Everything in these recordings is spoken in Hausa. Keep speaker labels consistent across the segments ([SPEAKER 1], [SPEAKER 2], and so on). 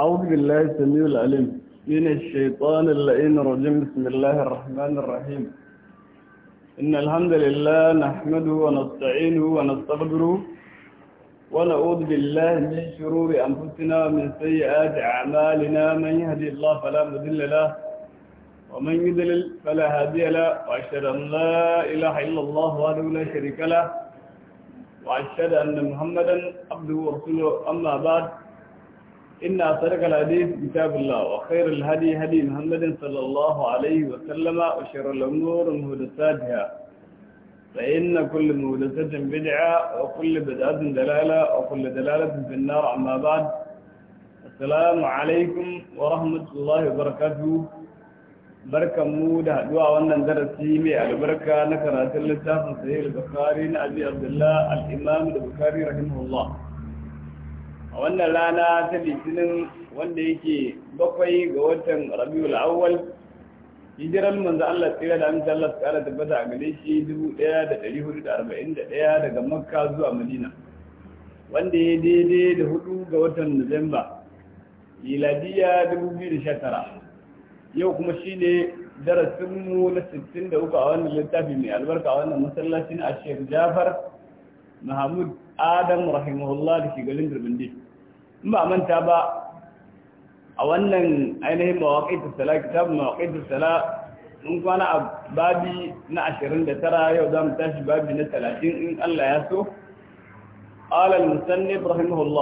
[SPEAKER 1] أعوذ بالله السميع العليم من الشيطان اللئيم الرجيم بسم الله الرحمن الرحيم إن الحمد لله نحمده ونستعينه ونستغفره ونعوذ بالله من شرور أنفسنا ومن سيئات أعمالنا من يهدي الله فلا مضل له ومن يضلل فلا هادي له وأشهد أن لا إله إلا الله وحده لا شريك له وأشهد أن محمدا عبده ورسوله أما بعد inna sarqal hadith kitabullah wa khairul hadi hadi muhammadin sallallahu alayhi wa sallama wa sharral umuri muhdathatiha fa inna kull muhdathatin bid'a wa kull bid'atin dalala wa kull dalalatin fi an-nar amma ba'd wa rahmatullahi wa barakatuh barkan mu da haduwa wannan darasi mai albarka na karatun littafin sahih al na abi abdullah al-imam al-bukhari rahimahullah a wannan rana ta litinin wanda yake bakwai ga watan rabiul awwal hijiran manzo Allah tsira da amince Allah tsara tabbata a gare shi 1441 daga makka zuwa madina wanda ya daidai da hudu ga watan nuzamba miladiya 2019 yau kuma shi ne darasinmu na 63 a wannan littafi mai albarka a wannan masallacin a shekaru jafar mahamud adam rahimahullah da ke garin durbindi in ba manta ba a wannan ainihin mawaƙaitar sala kitabun mawaƙaitar sala mun kwana a babi na 29 yau za mu tashi babi na 30 in Allah ya so قال المسنف رحمه babin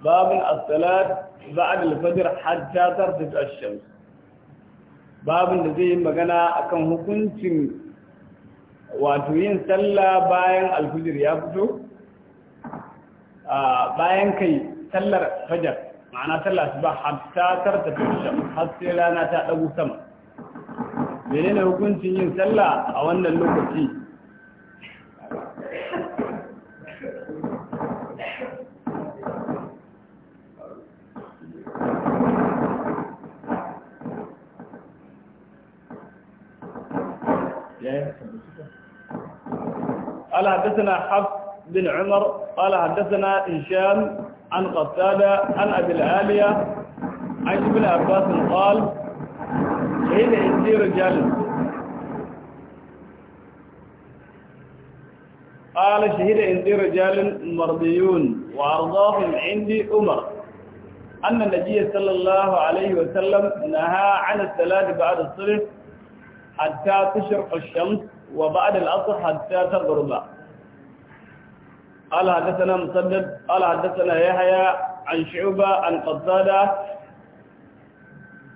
[SPEAKER 1] باب الصلاة بعد الفجر حتى ترتفع الشمس babin da zai yi magana akan hukuncin wato yin sallah bayan alfijir ya fito bayan kai sallar fajar ma'ana sallar su ba hatta karta tushen har sai rana ta ɗagu sama mene ne hukuncin yin sallah a wannan lokaci قال حدثنا حفص بن عمر قال حدثنا هشام عن قتادة عن أبي العالية عن ابن عباس قال حين عندي رجال قال شهد عندي رجال مرضيون وأرضاهم عندي أمر أن النبي صلى الله عليه وسلم نهى عن الثلاث بعد الصلح حتى تشرق الشمس وبعد العصر حتى تغرب قال حدثنا مسدد قال حدثنا يحيى عن شعبة عن قتادة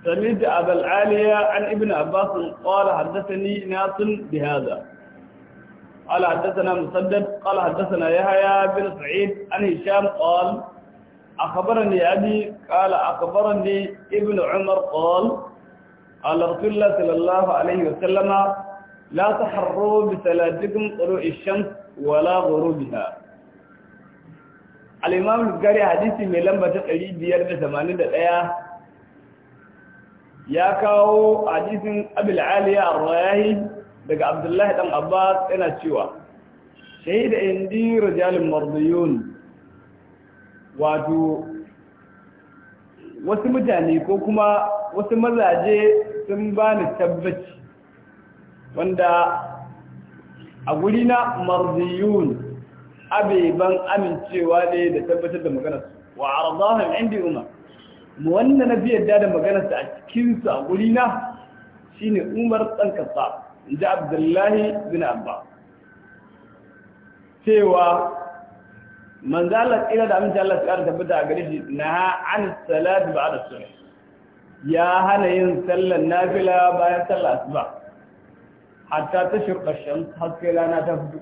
[SPEAKER 1] سميت أبا العالية عن ابن عباس قال حدثني ناس بهذا قال حدثنا مسدد قال حدثنا يحيى بن سعيد عن هشام قال أخبرني أبي قال أخبرني ابن عمر قال قال رسول الله صلى الله عليه وسلم لا تحروا بسلاتكم طلوع الشمس ولا غروبها al'imam lukari hadisi mai lamba ta 581 ya kawo hadisin abil aliya a rayahi daga abdullahi dan abbas yana cewa shaida indi rijalin marduyun wato wasu mutane ko kuma wasu mazaje sun bani tabbaci wanda a gurina marduyun abeban amincewa ne da tabbatar da maganarsu wa arzahun indi umar wanda na fi da maganarsa a cikinsu a gurina shi ne umar ɗan kasa in ji abdullahi bin abba cewa manzalar ƙira da amince Allah su ƙara tabbata a gare shi na an salatu ba da sunai ya hana yin sallar nafila bayan sallar asuba hatta ta shirƙa shan haske rana ta fito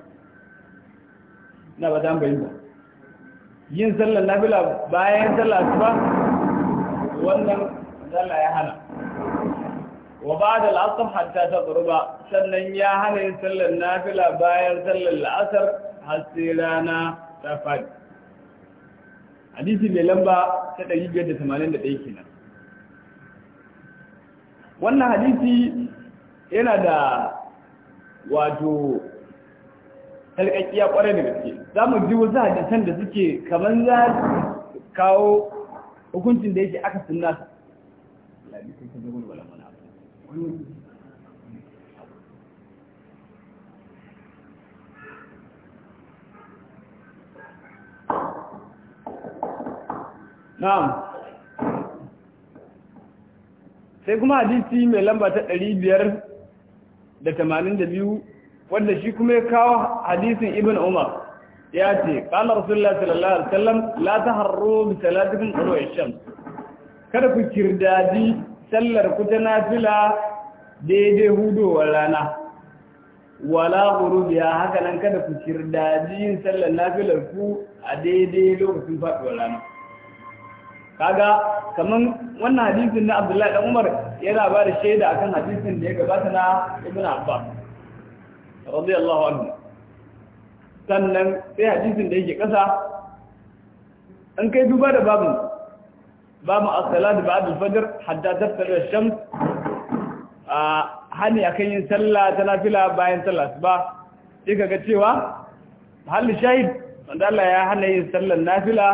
[SPEAKER 1] na ba zan bayin yin sallar nafila bayan sallar asuba wannan zalla ya hana wa ba'da al-asr hatta ba, sannan ya hana yin sallar nafila bayan sallar la'asar asr rana ta fadi hadisi mai lamba ta ɗari biyar da da tamanin ɗaya kenan wannan hadisi yana da wato sarƙaƙiya ƙwarai da gaske za mu ji wasu hadisan da suke kamar za su kawo hukuncin da yake aka sun nasa na'am sai kuma hadisi mai lamba ta ɗari biyar da tamanin da biyu. wanda shi kuma ya kawo hadisin ibn umar ya ce qala rasulullah sallallahu alaihi wasallam la taharru bi salatikum qulu ash-shams kada ku kirdadi sallar ku ta nafila daidai wa rana wala ghurubiya haka nan kada ku kirdadi yin sallar nafilar ku a daidai lokacin wa rana kaga kaman wannan hadisin na Abdullahi dan Umar yana ba da shaida akan hadisin da ya gabata na Ibn Abbas radiyallahu anhu sannan sai hadisin da yake kasa an kai duba da babu babu as-salat ba'da al-fajr hatta tattara shams a hani akan yin sallah ta nafila bayan sallah ba sai kaga cewa halin shahid wanda Allah ya hana yin sallar nafila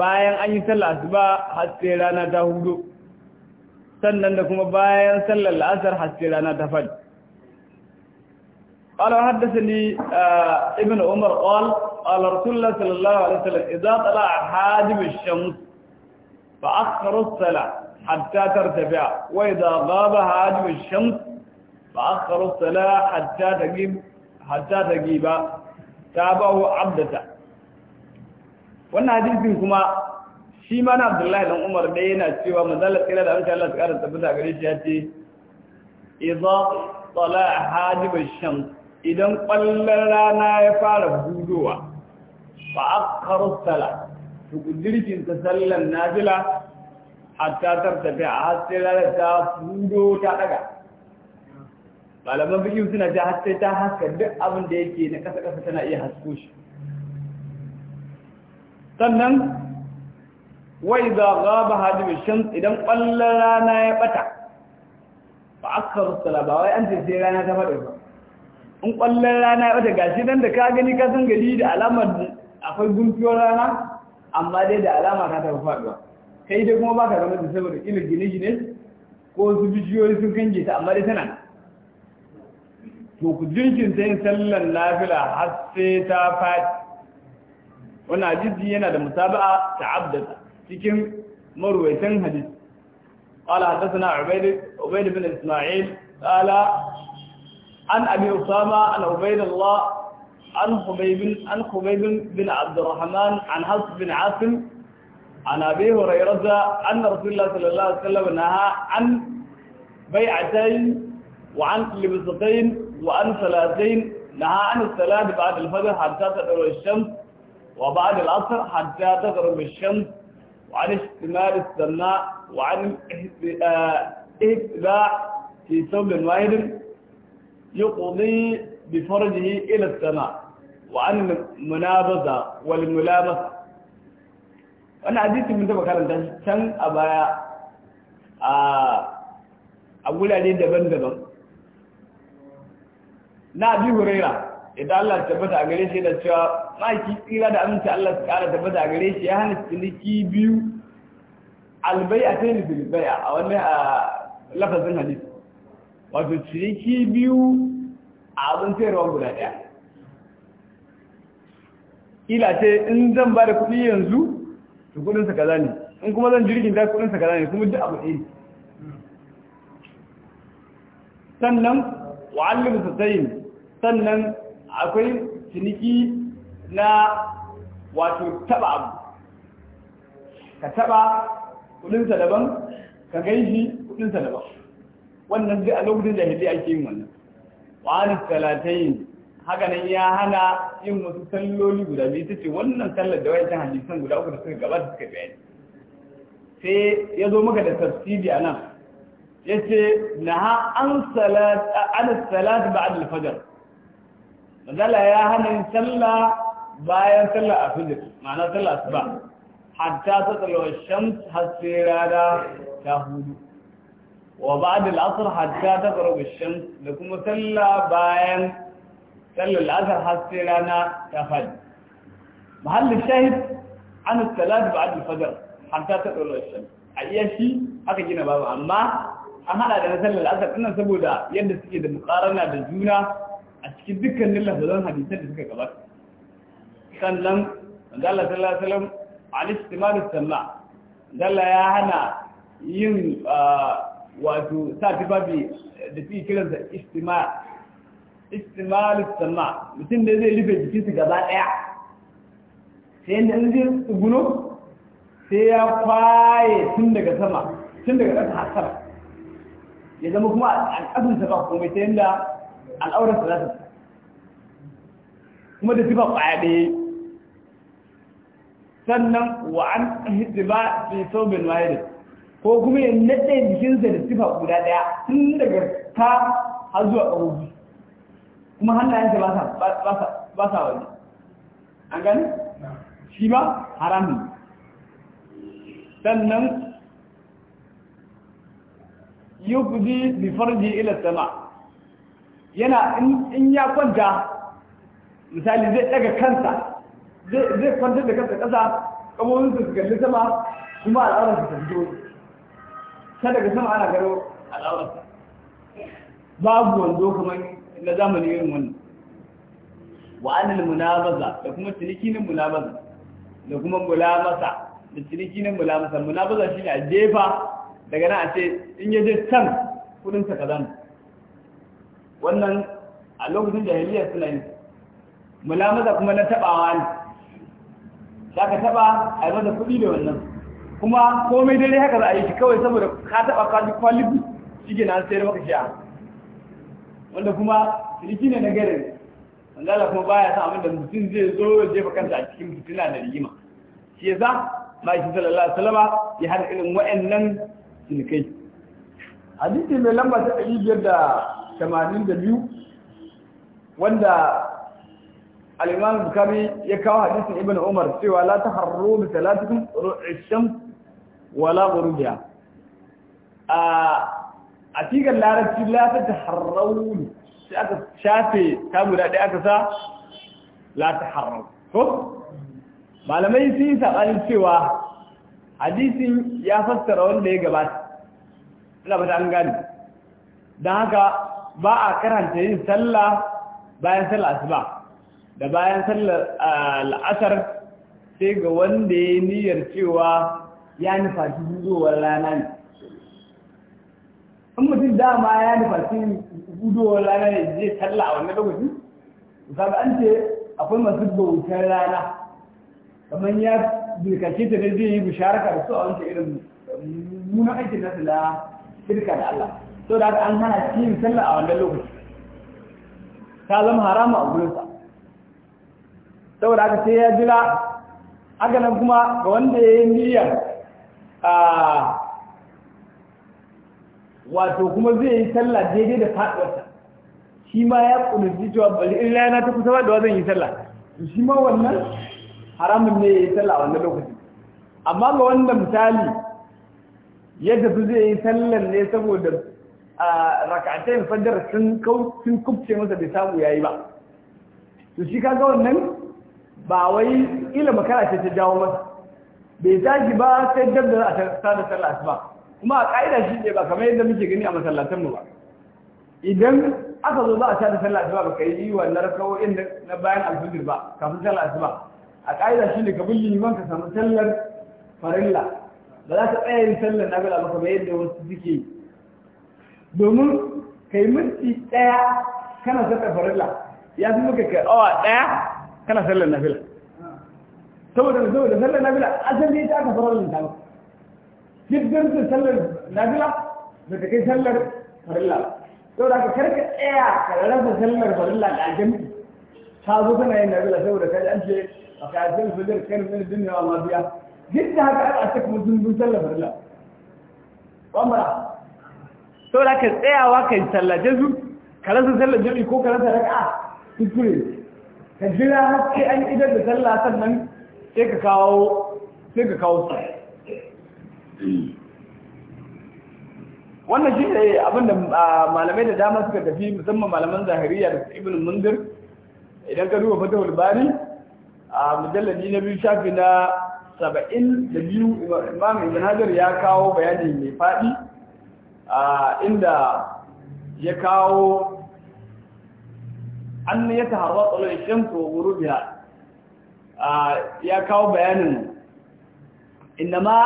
[SPEAKER 1] bayan an yi sallah asuba har sai rana ta hudu sannan da kuma bayan sallar la'asar har sai rana ta fadi قال حدثني آه ابن عمر قال قال رسول الله صلى الله عليه وسلم إذا طلع حاجب الشمس فأخر الصلاة حتى ترتفع وإذا غاب حاجب الشمس فأخر الصلاة حتى تجيب حتى تجيب تابعه عبدته وأن هذه كما شيما عبد الله بن عمر بين ne ما زالت manzala tsira da amsa Allah ta kara tabbata gare shi idan ƙwallon rana ya fara budowa fa akkaru sala to kudirkin ta sallan nafila hatta tartafi a hasse rana ta budo ta daga malaman bikin suna ta hasse ta haska duk abin da yake na kasa kasa tana iya hasko shi sannan wai za gaba hajjibin shams idan ƙwallon rana ya bata ba akkaru sala ba wai an ce sai rana ta faɗi ba in kwallon rana ya wata gashi nan da ka gani ka san gari da alamar akwai gumfiyar rana amma dai da alama ka taɓa faɗuwa kai dai kuma ka zama da saboda ƙila gine-gine ko su bishiyoyi sun kange ta amma dai tana to ku jinkin ta yin sallan nafila har sai ta faɗi wani hadisi yana da musaba'a ta abdata cikin marwaitan hadisi قال حدثنا عبيد عبيد بن اسماعيل قال عن أبي أسامة عن عبيد الله عن خبيب عن خبيب بن عبد الرحمن عن حفص بن عاصم عن أبي هريرة أن رسول الله صلى الله عليه وسلم نهى عن بيعتين وعن لبستين وعن ثلاثين نهى عن الثلاث بعد الفجر حتى تطلع الشمس وبعد العصر حتى تغرب الشمس وعن اشتمال السماء وعن اتباع آه، في ثوب واحد يقضي بفرجه إلى السماء وعن منابذة والملامسة وأنا حديث من تبقى كان تشن أبايا أقول عليه دبن دبن na bi huraira idan Allah tabbata a gare shi da cewa maki tsira da aminci Allah ta kara tabbata a gare shi ya hana ciniki biyu albai'atayn bil bai'a a wannan lafazin hadisi wato ciniki biyu a abin sayarwa guda ɗaya ila ce in zan ba da kuɗi yanzu to kuɗinsa kaza ne in kuma zan jirgin da kuɗinsa kaza ne kuma duk abu ɗaya sannan wa'allin sassayin sannan akwai ciniki na wato taba abu ka taba kuɗinsa daban ka gaishi kuɗinsa daban wannan zai a lokacin jahiliya ake yin wannan wani talatayin haka nan ya hana yin wasu salloli guda biyu ta ce wannan sallar da wancan hadisan guda uku da suka gabata suka bayani sai ya zo maka da tafsiri a nan ya ce na ha an salat ba adal fajar mazala ya hana yin salla bayan salla a fijir ma'ana salla su ba hatta ta tsalawar shams har ta hudu wa ba'da da asr hatta ta ash-shams da kuma sallah bayan sallar al-asr har rana ta fadi mahallin shahid an salat ba'da al-fajr hatta ta ash-shams a iya shi aka gina babu amma an hada da na sallar al-asr saboda yadda suke da muqarana da juna a cikin dukkanin lafazan hadisan da suka gabar. sannan manzo Allah sallallahu alaihi wasallam al-istimal as-sama' dalla ya hana yin ah, wato sa babi da fi kiransa istima istimalu sama mutum da zai rufe jikinsa gaba ɗaya sai yadda zai tsuguno sai ya faye tun daga sama tun daga ƙasa har sama ya zama kuma a ƙasansa ba komai ta yadda al'aurarsa za ta kuma da tufa kwaya ɗaya sannan wa an hidima fi sobin bin wahidin ko kuma ya naɗe jikinsa da sifa guda ɗaya tun daga ta har zuwa ƙahobi kuma hannayensa ba sa wani an gani shi ba haramun sannan yukuzi mai farji ila sama yana in ya kwanta misali zai daga kansa zai kwanta da kansa kasa kamomin su kalli sama kuma al'adar su tafi ta daga sama ana garo al'aurarsa babu wando kamar na zamani irin wannan wa anil munabaza da kuma cinikinin munabaza da kuma mulamasa da cinikinin mulamasa munabaza ne a jefa daga nan a ce in yaje can kudin sa kazan wannan a lokacin jahiliya suna yi mulamasa kuma na tabawa ne za ka taba a yi masa kuɗi da wannan kuma komai dai haka za a yi shi kawai saboda ka taɓa kwaji kwalibu shi ke na sayar maka sha wanda kuma ciniki ne na garin wanda kuma baya sa abin da mutum zai zo ya jefa kansa a cikin fitina da rigima shi yasa ma'aikin sallallahu alaihi wasallama ya hada irin wa'annan cinikai hadisi mai lamba ta ɗari biyar da tamanin da biyu wanda al'imam bukari ya kawo hadisin ibn umar cewa la ta harro misalatikum shan. wala buruja a cikin larabci la ta harrauni aka shafe ta guda ɗaya aka sa la ko malamai sun yi saɓanin cewa hadisin ya fassara wanda ya gabata ina ba ta an gani don haka ba a karanta yin sallah bayan sallah asuba da bayan sallar al'asar sai ga wanda ya niyyar cewa ya nufaci hudowar rana ne in mutum dama ya nufaci hudowar rana ne zai talla a wannan lokacin kaga an ce akwai masu bautar rana kamar ya birkace ta ne zai yi bisharaka da su a wancan irin muna aikin nasu na shirka da Allah so da an hana shi yin talla a wannan lokaci ta zama harama a gurinsa saboda haka sai ya jira haka nan kuma ga wanda ya yi miliyan. wato kuma zai yi sallah daidai da faɗuwarsa shi ma ya ƙunurci cewa bari in rana ta kusa faɗuwa zan yi sallah shi ma wannan haramun ne ya yi sallah a wannan amma ga wanda misali yadda su zai yi sallar ne saboda a rakatai fadar sun kubce masa bai samu yayi ba to shi kaga wannan ba wai ila makara ce ta jawo masa bai tashi ba sai dabda a tsada sallah asuba kuma a ka'ida shi ne ba kamar yadda muke gani a masallatan mu ba idan aka zo za a tsada sallah ba kai yi wannan rakawoyin na bayan alfajir ba kafin sallah asuba a ka'ida shi ne ka bulli liman ka samu sallar farilla ba za ka tsaya yin sallar nafila ba kamar yadda wasu suke yi domin kai minti ɗaya kana sallar farilla ya fi muka kai awa ɗaya kana sallar nafila saboda da saboda sallar nafila asali ta aka farar da ba duk ganin sallar nafila da ta kai sallar farilla saboda ka karka tsaya ka rasa sallar farilla da ajami ta zo kana yin nafila saboda kai an ce a kayan fajar kan min dunya wa ma biya duk da haka ana saka mutum dun sallar farilla bambara saboda ka tsayawa ka yi sallace su ka rasa sallar jami'i ko ka rasa raka'a kuskure ka jira har sai an idar da sallah sannan sai ka kawo su wannan shi ne abinda ah, malamai da dama suka tafi musamman malaman zahiriya da ibn mundir idan ka duba fatahul bari a mujalladi na biyu shafi na saba'in da biyu imam ibn hajar ya kawo bayani mai faɗi inda ya kawo an ya taharwa tsalon shamsu wuru biya ya kawo bayanin inda ma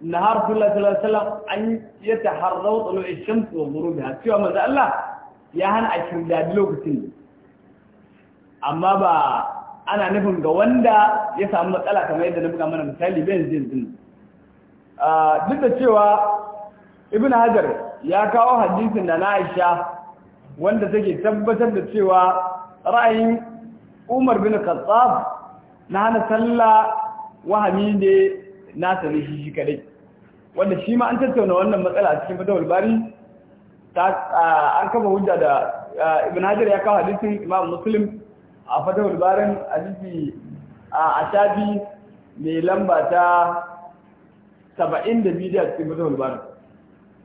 [SPEAKER 1] na alaihi wasallam an yi ta yataharrau shan shams da ghurubiha cewa manzo Allah ya hana a kirda lokacin amma ba ana nufin ga wanda ya samu matsala kamar yadda na buga mana misali bayan zin din duk da cewa ibn hajar ya kawo hadisin da na aisha wanda take tabbatar da cewa ra'ayin umar bin khattab na hana sallah wahami ne na sare shi shi kadai wanda shi ma an tattauna wannan matsala a cikin fatawar bari ta an kafa hujja da ibn hajar ya kawo hadisin imam muslim a fatawar barin hadisi a shafi mai lamba ta saba'in da a cikin fatawar barin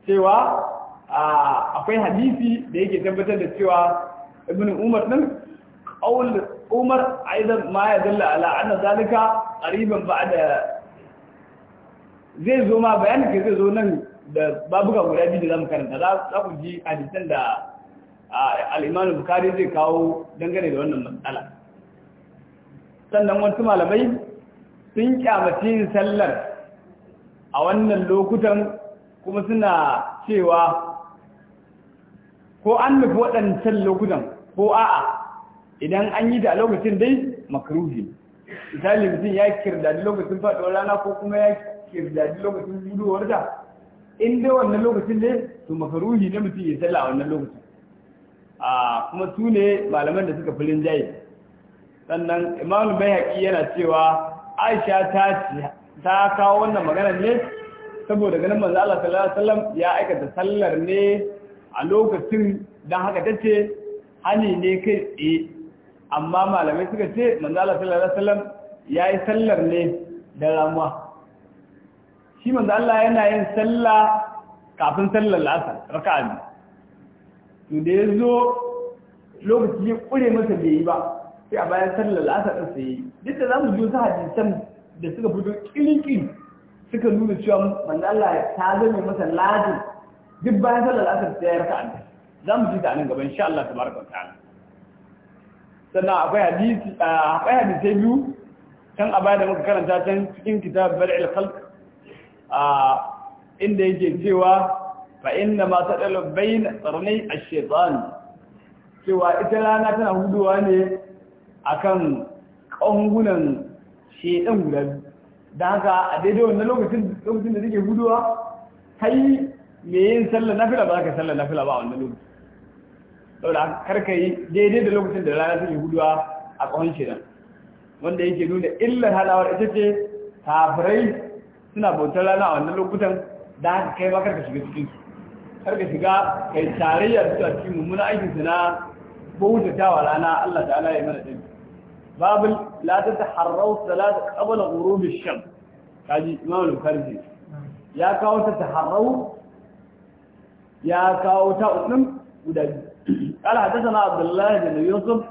[SPEAKER 1] cewa akwai hadisi da yake tabbatar da cewa ibn umar din aul umar aidan ma ya dalla ala anna zalika qariban ba'da zai zo ma bayanin ke zai zo nan da babuka guda biyu da zamu karanta za ku ji hadisan da al-Imam Bukhari zai kawo dangane da wannan matsala sannan wasu malamai sun kyamace yin sallar a wannan lokutan kuma suna cewa ko an nufi waɗancan lokutan ko a'a idan an yi da a lokacin dai makaruhi misali mutum ya kirdadi lokacin faɗo rana ko kuma ya kirdadi lokacin buduwar da in dai wannan lokacin ne to makaruhi ne mutum ya tsalla a wannan lokacin a kuma su ne malaman da suka filin jayi sannan imamu bai yana cewa aisha ta ta kawo wannan maganar ne saboda ganin manzo Allah sallallahu alaihi wasallam ya aikata sallar ne a lokacin dan haka tace hani ne kai tsaye amma malamai suka ce manzala sallallahu alaihi wasallam yayi sallar ne da ramuwa shi manzo Allah yana yin sallah kafin sallar asar raka'a ne to da yazo lokaci ya kure masa bai yi ba sai a bayan sallar asar din sai duk da zamu ji hadisan da suka fito kilinkin suka nuna cewa manzo Allah ta zame masa ladin duk bayan sallar asar sai ya raka'a za mu ji ta nan gaba insha Allah tabaraka ta'ala sannan akwai hadisi a akwai hadisi biyu can a bayan da muka karanta can cikin kitab bar'il khalq a inda yake cewa fa inna ma tadalu bayn qarnay ash-shaytan cewa ita rana tana huduwa ne akan ƙangunan shedan guda da haka a daidai wannan lokacin lokacin da take huduwa kai me yin sallar nafila ba za ka sallar nafila ba a wannan lokacin saboda karka yi daidai da lokacin da rana take guduwa a ƙawon shirin wanda yake nuna illar halawar ita ce kafirai suna bautar rana a wannan lokutan da haka kai ba karka shiga cikin su karka shiga kai tarayya da cikin mummuna aikin su na wa rana Allah ta'ala ya mana ɗin babu la ta taharrau salat qabla ghurub shan. shams kaji imam lukarji ya kawo ta taharrau ya kawo ta usun guda biyu قال حدثنا عبد الله بن يوسف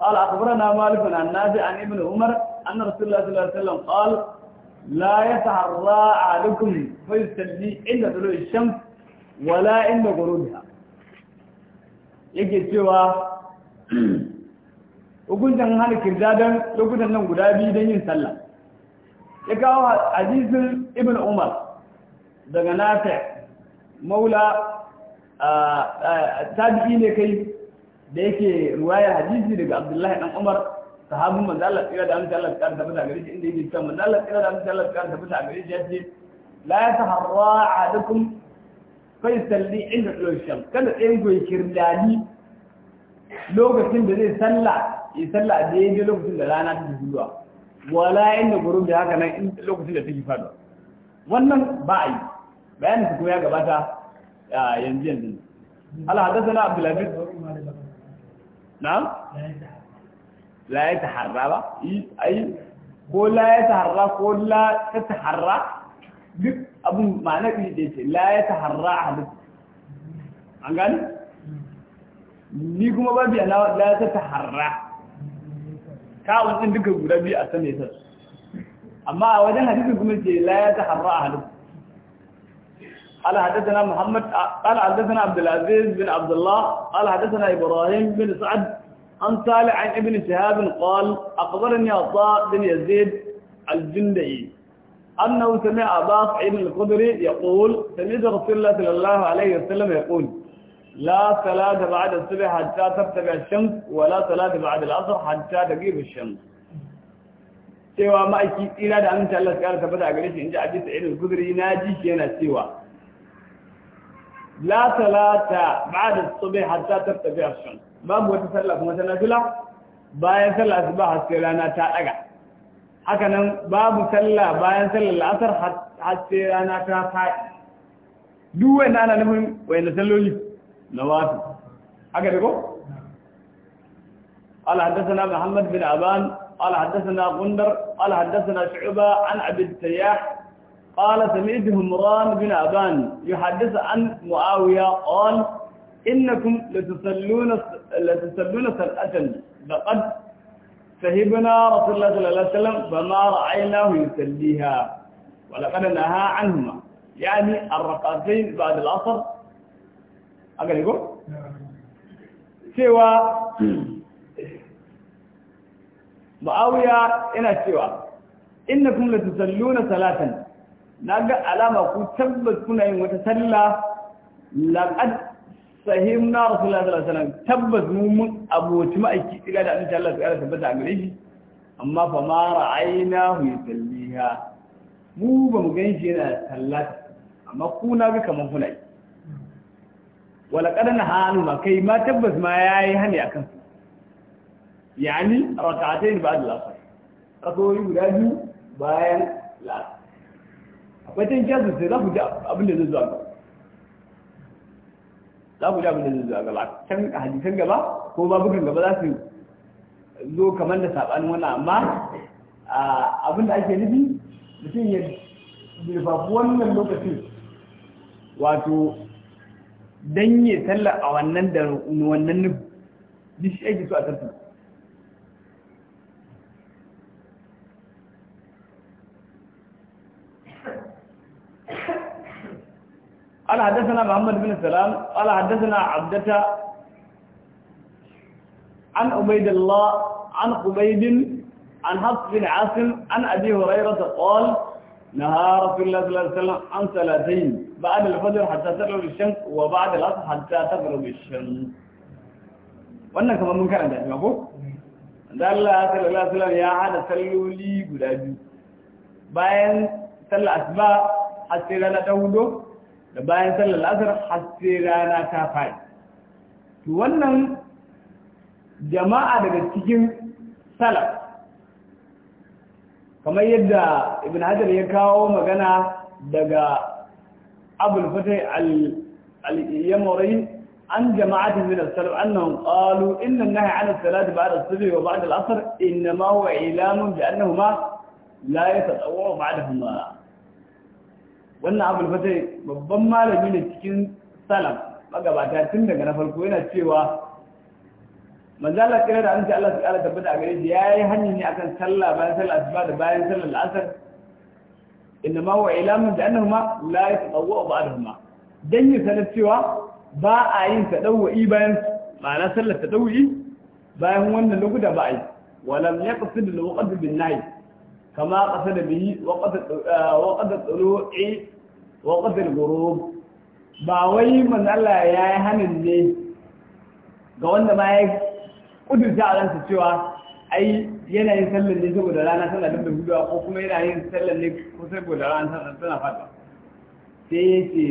[SPEAKER 1] قال أخبرنا مالك عن نافع عن ابن عمر أن رسول الله صلى الله عليه وسلم قال لا يتحرى عليكم فيسلي عند طلوع الشمس ولا عند غروبها yake cewa hukuncin hana kirdadan lokutan nan guda biyu don yin sallah ya kawo hadisin ibn umar daga nafi maula tabi'i ne kai da yake ruwaya hadisi daga abdullahi dan umar sahabin manzo Allah tsira da amince Allah tsira da fita gare shi inda yake cewa manzo Allah tsira da amince Allah tsira da fita gare shi yace la yataharra adukum faisalli inda tsoron sham kada tsayin goyi kirlali lokacin da zai sallah ya salla a daidai lokacin da rana ta zuwa wala inda gurum da haka nan lokacin da take faɗo wannan ba a yi bayanin su kuma ya gabata yanzu yanzu Allah haddathana Abdul Aziz na'am la ya taharra ba ai ko la ya taharra ko la ta taharra duk abin ma'ana ɗin da ce la ya taharra a hadith an gani ni kuma babu yana la ta taharra kawon ɗin duka guda biyu a same ta amma a wajen hadisin kuma ce la ya taharra a hadith قال حدثنا محمد قال حدثنا عبد العزيز بن عبد الله قال حدثنا إبراهيم بن سعد عن صالح عن ابن شهاب قال أخبرني عطاء بن يزيد الجندي أنه سمع أبا سعيد الخدري يقول سمعت رسول الله صلى الله عليه وسلم يقول لا صلاة بعد الصبح حتى ترتفع الشمس ولا صلاة بعد العصر حتى تغيب الشمس سوى ما يكيد da أن شاء الله سكارة tabbata a إن جاء in ji القدري ناجي شينا سوى لا ثلاثة بعد الصبح حتى ترتفع الشمس ما هو تسلق مثلا جلع باين سلع صباح السيلانة تأجع حكا نم باب سلع باين سلع الأثر حتى السيلانة تأجع دو وين أنا نفهم وين سلوني نواسي حكا بكو قال حدثنا محمد بن عبان قال حدثنا غندر قال حدثنا شعبة عن عبد السياح قال سمعت همران بن أبان يحدث عن معاوية قال إنكم لتسلون لتسلون سلأة لقد فهبنا رسول الله صلى الله عليه وسلم فما رأيناه يسليها ولقد نهى عنهما يعني الركعتين بعد العصر أقل يقول سوى معاوية إنا سوى إنكم لتسلون ثلاثا na ga alama ku tabbas kuna yin wata sallah laqad sahimna rasulullahi sallallahu alaihi wasallam tabbas mu mun aboci ma'aiki tsira da insha Allah ta'ala tabbata a gare shi amma fa ma hu yusalliha mu ba mu ganshi yana sallah amma ku na ga kaman kuna yi wala qadana hanu ma kai ma tabbas ma yayi hani akan su yani rak'atayn ba'da al-asr rakoyi guda biyu bayan la'asr wajen jazu sai za ku ji abin da zai zuwa gaba za ku ji abin da zai zuwa gaba can a hadisan gaba ko babukan gaba za su zo kamar da saɓanin wani amma abin da ake nufi mutum ya zurfafi wannan lokacin wato don yi sallar a wannan da wannan nufi duk shi ake so a tattara قال حدثنا محمد بن سلام قال حدثنا عبدة عن عبيد الله عن قبيد عن حفص بن عاصم عن أبي هريرة قال نهى رسول الله صلى الله عليه وسلم عن ثلاثين بعد الفجر حتى تغرب الشمس وبعد العصر حتى تغرب الشمس وانا كما mun karanta shi ko da صلى الله عليه وسلم يا hada salloli لي بلادي باين sallar asuba حتى لا rana da bayan sallar la'asar har sai rana ta faɗi to wannan jama'a daga cikin salaf kamar yadda ibn hajar ya kawo magana daga abul fatai al-yamurai an jama'atin min as-salaf annahum qalu inna an-nahya 'ala as-salati ba'da as-subh wa ba'da al-'asr inma huwa ilamun bi annahuma la yatatawwa'u ba'dahuma wannan abul fatai babban malami ne cikin salaf magabata tun daga na farko yana cewa manzo Allah kira da annabi Allah ta'ala tabbata a gare shi yayi hanyi ne akan sallah bayan sallah asuba da bayan sallah al'asr inna ma huwa ilamun da annahuma la yatawwa ba'dahuma dan yi sanar cewa ba a yin tadawwi bayan ma'ana sallar tadawwi bayan wannan lokuta ba a yi walam yaqsid al-waqt bin nahi كما قصد به وقت وقت الطلوع وقت الغروب باوي من الله يا هنن ne ga wanda ma ya kudurta a ransa cewa ai yana yin sallar ne saboda rana tana dubbe gudawa ko kuma yana yin sallar ne ko saboda rana tana fata sai ya ce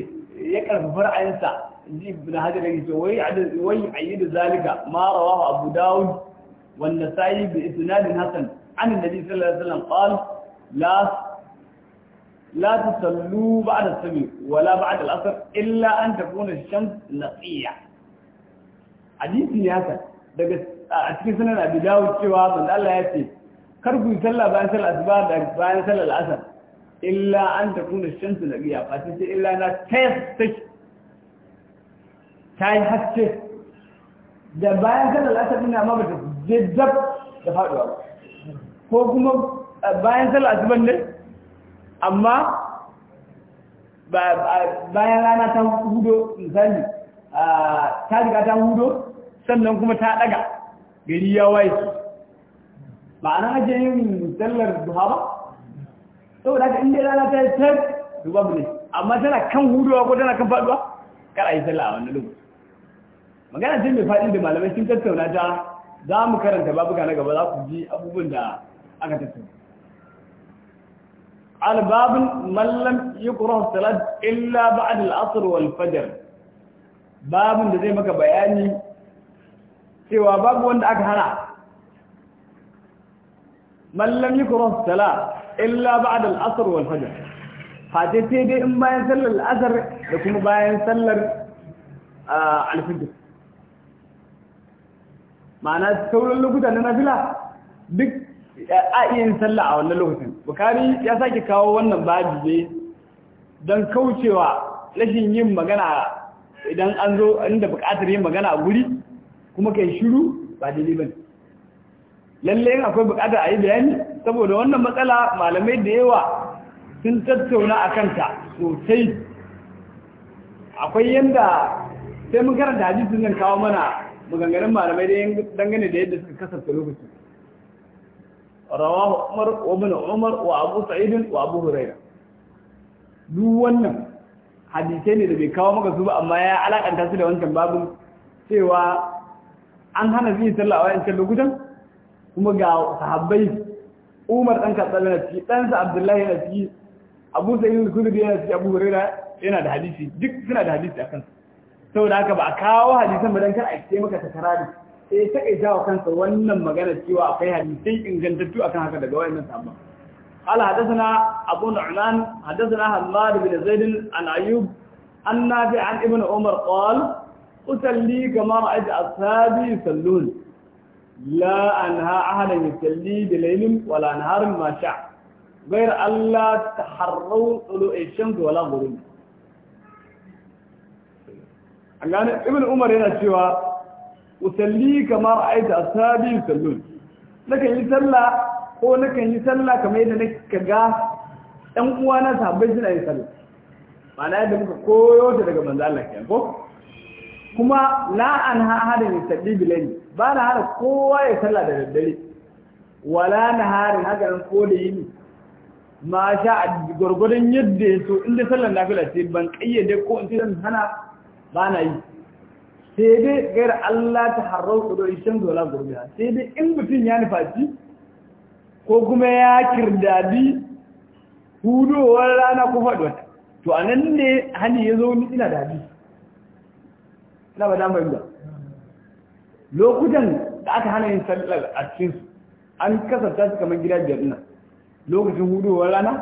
[SPEAKER 1] ya karfafa ra'ayinsa ji ibn hajar ya ce wai wai ayyid zalika ma rawahu abu daud wan nasa'i bi isnadin hasan عن النبي صلى الله عليه وسلم قال لا لا تصلوا بعد السمي ولا بعد الأسر إلا أن تكون الشمس نقية حديثي هذا لقد أعطي سنة أبي داود شيء واضح من الله يأتي كاركو يسلى بأن سلى أسبار بأن سلى الأسر إلا أن تكون الشمس نقية فاتيسي إلا أن تيستش كاي حسش ده بأن سلى الأسر إنها ما بتجذب دفعه الله ko kuma eh, bayan sallar asuban ne amma bayan rana ta hudo misali ah, ta riga ta hudo sannan kuma ta daga gari ya waye ba ma'ana ake yin sallar duha ba saboda haka inda rana ta yi tar duba ne amma tana kan hudowa ko tana kan faduwa kar a yi sallah a wannan lokaci magana ce mai faɗi da malamai sun tattauna ta za mu karanta babuka na gaba za ku ji abubuwan da Albabin Mallam الباب من salat illa الصلاة إلا asr wal fajr باب da zai maka bayani cewa babu wanda aka hana man lam yukra salat illa ba'da al-asr wal fajr fate sai dai in bayan sallar al-asr da kuma bayan sallar al-fajr ma'ana sauran lokutan na nafila duk a iya yin sallah a wannan lokacin bukari ya sake kawo wannan babi ne don kaucewa rashin yin magana idan an zo inda bukatar yin magana a guri kuma kai shiru ba daidai bane lalle lallai akwai bukatar a yi bayani saboda wannan matsala malamai da yawa sun tattauna a kanta sosai akwai yadda sai mun karanta hajji zan kawo mana maganganun malamai dangane da yadda suka kasance lokacin rawahu umar wa ibn umar wa abu sa'id wa abu hurayra duk wannan hadisai ne da bai kawo maka su ba amma ya alakanta su da wancan babin cewa an hana zai sallah a wayancan lokutan kuma ga sahabbai Umar dan Khattab yana ciki dan sa Abdullahi yana ciki Abu Sa'id al-Khudri yana ciki Abu hurayra yana da hadisi duk suna da hadisi akan saboda haka ba a kawo hadisan ba dan kar a ce maka takarari sai ta kaita wa kansa wannan magana cewa akwai hadisai ingantattu akan haka daga wayannan sahabban قال حدثنا أبو نعمان حدثنا حماد بن زيد عن أيوب النافع عن ابن عمر قال أسلي كما رأيت أصحابي يصلون لا أنهى أحدا يصلي بليل ولا نهار ما شاء غير ألا تحروا طلوع الشمس ولا غروب. أنا ابن عمر هنا cewa usalli kamar aita asabi yusallun nakan yi sallah ko nakan yi sallah kamar yadda nake ga ɗan na sahabbai suna yin sallah ma'ana yadda muka koyo ta daga manzo Allah kenan ko kuma la an hada ni sabbi bilani ba na hada kowa ya sallah da daddare wala na harin haka nan ko da yini ma sha gurgurun yadda ya so inda sallar nafila ce ban kayyade ko in ce zan hana ba na yi sai dai gaira Allah ta harau kudo ishan dola gurbiya sai dai in mutum ya nufaci ko kuma ya kirdadi hudowar rana ko faɗuwa to a nan ne hani ya zo ni ina dadi na ba damar yi lokutan da aka hana yin sallar a cikin an kasanta su kamar gida biyar nan lokacin hudowar rana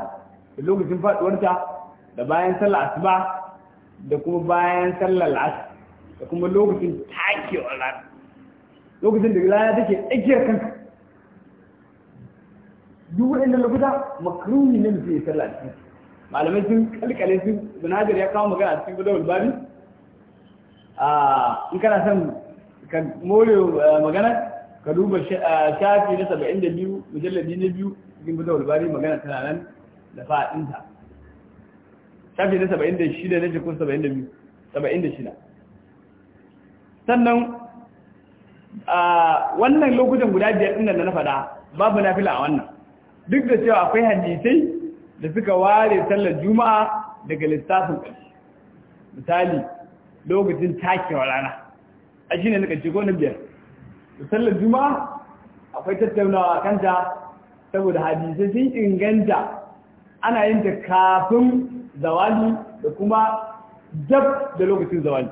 [SPEAKER 1] da lokacin faɗuwarta da bayan sallar asuba da kuma bayan sallar asuba da kuma lokacin wa rana lokacin da rana take tsakiyar kanka duk waɗanda lokuta makaruni ne mutum ya sallah a cikin malamai sun kalkale sun ibn ya kawo magana a cikin gudawar babi ah, in kana son ka more eh, magana ka duba eh, shafi na saba'in da biyu mujalladi na biyu cikin gudawar babi magana tana nan da fa'inta shafi na saba'in da shida na jikin saba'in da biyu saba'in da shida sannan wannan lokutan guda biyar ɗin da na faɗa babu nafila a wannan duk da cewa akwai hadisai da suka ware sallar juma'a daga lissafin ƙarshe misali lokacin takewa rana a shi ne na ƙarshe ko na biyar da sallar juma'a akwai tattaunawa a kanta saboda hadisai sun inganta ana yin ta kafin zawali da kuma jab da lokacin zawali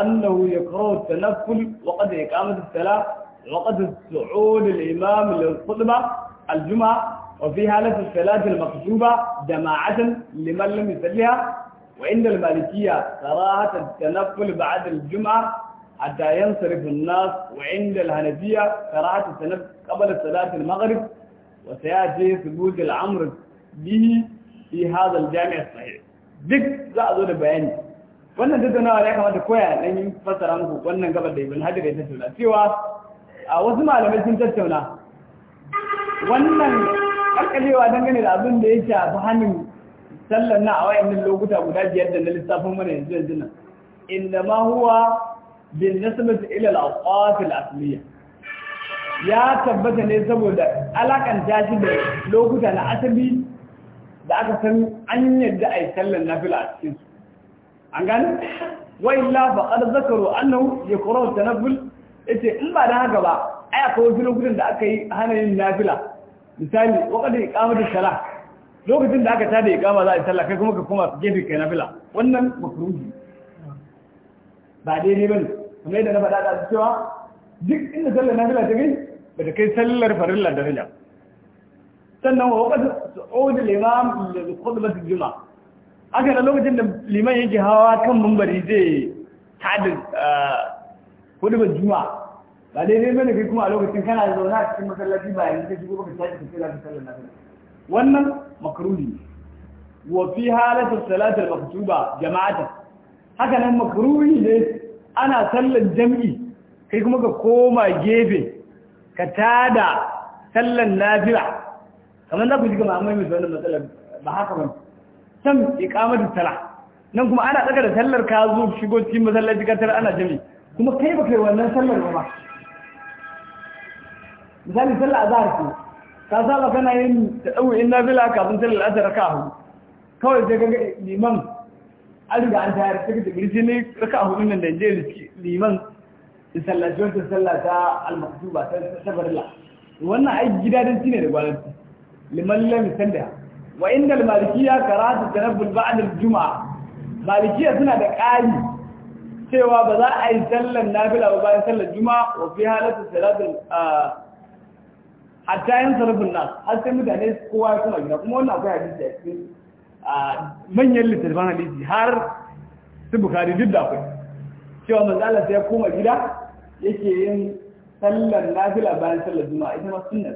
[SPEAKER 1] أنه يكره التنفل وقد إقامة الصلاة وقد الصعود الإمام للخطبة الجمعة وفي حالة الصلاة المكتوبة جماعة لمن لم يصليها وعند المالكية كراهة التنفل بعد الجمعة حتى ينصرف الناس وعند الهنفية كراهة التنفل قبل صلاة المغرب وسيأتي ثبوت الأمر به في هذا الجامع الصحيح ذك لا أظن بياني wannan tattaunawa ya kamata koya dan yi fassara muku wannan gabar da ibn hajar ya tattauna cewa a wasu malamai sun tattauna wannan kalkalewa dangane da abin da ya a hannun sallar na a wayannin lokuta guda biyar da na lissafin mana yanzu yanzu nan inda ma huwa bin nasabati ila al-awqat asliya ya tabbata ne saboda alakanta shi da lokuta na asali da aka san an yadda a yi sallar nafila a cikin an gane wa illa fa qad zakaru annahu yakrahu tanafful ce in ba da haka ba ai akwai wasu lokutan da aka yi hana yin nafila misali wa qad iqamatu salah lokacin da aka tada iqama za a yi sallah kai kuma ka koma gefe kai nafila wannan makruhi ba daidai bane kamar yadda na faɗa da cewa duk inda sallar nafila ta kai ba ta kai sallar farilla da rila sannan wa waqad su'ud al-imam li khutbati masu juma haka da lokacin da liman yake hawa kan mambari zai tada ah, hudu ba juma ba ne bane kai kuma a lokacin kana zaune a cikin masallaci ba yanzu kai shigo baka tashi ka kira ka sallar nafila wannan makruhi wa fi halatu salati al-maktuba jama'ata haka nan makruhi ne ana sallar jam'i kai kuma ka koma gefe ka tada sallar nafila kamar za ku ji kamar amma mai wannan matsalar ba haka ba can iqamatu sala nan kuma ana tsaka da sallar ka zo shigo cikin masallaci ka tara ana jami kuma kai ba kai wannan sallar ba misali sallar azhar ko ka saba kana yin tadawu'in ka kafin sallar azhar ka hu kawai sai ka ga liman an riga an tayar sai ka birji ne raka hu nan da je liman sallaci wata ta al-maktuba ta sabarilla wannan ai gidadin ne da gwalanci liman da sanda wa inda malikiya karatu tanabbul ba'd al-jum'a malikiya suna da ƙari cewa ba za a yi sallar nafila ba bayan sallar juma'a wa fi halatu salatul hatta yan sarfin nas har sai mutane kowa ya kuma gida kuma wannan akwai hadisi a cikin manyan littattafan hadisi har su bukari duk da akwai cewa manzala sai ya koma gida yake yin sallar nafila bayan sallar juma'a ita ma sunna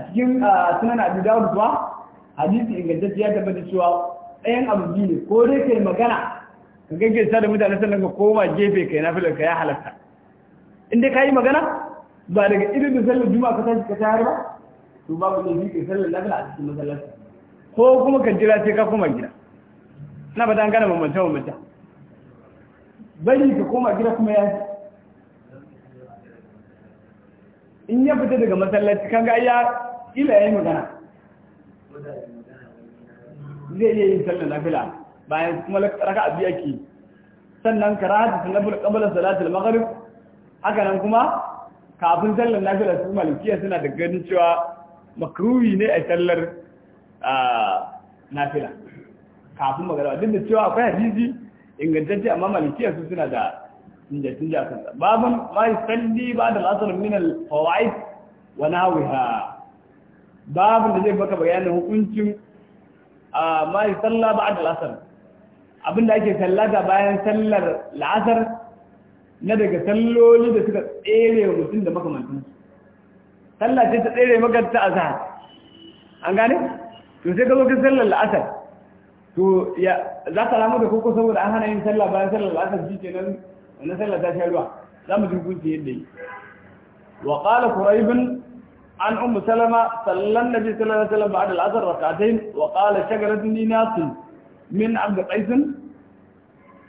[SPEAKER 1] a cikin sunan abu dawud kuwa hadisi ingantacce ya tabbata cewa ɗayan abu biyu ne ko dai kai magana ka sa da mutane sannan ka koma gefe kai na filar ka ya halatta in dai ka yi magana ba daga irin da sallar juma'a ka tashi ka tayar ba to babu ne kai sallar lafiya a cikin masallaci ko kuma ka jira sai ka koma gida ina ba ta gane mamanta mamanta bari ka koma gida kuma ya in ya fita daga masallaci kaga ya kila ya yi magana zai iya yin sallar nafila bayan kuma raka abu yake sannan karatu sun nafila kamala salatul magharib haka nan kuma kafin sallar nafila su malikiya suna da ganin cewa makruhi ne a sallar nafila kafin magana duk da cewa akwai hadisi ingantacce amma malikiya su suna da tunja-tunja kansa babin ma yi salli ba da lasarar minal fawaid wa nawiha babin da zai baka bayanin hukuncin a mai sallah ba'ad al-asr abinda ake sallata bayan sallar la'asar na daga salloli da suka tsere wa mutum da makamantan sallah ce ta tsere maka ta azhar an gane to sai ka zo ka sallar la'asar to ya za ka ramu da koko saboda an hana yin sallah bayan sallar la'asar shi kenan wannan sallah ta sha ruwa za mu ji hukunci yadda yi wa qala عن أم سلمة صلى النبي صلى الله عليه وسلم بعد العصر ركعتين وقال شجرة ناس من عبد قيس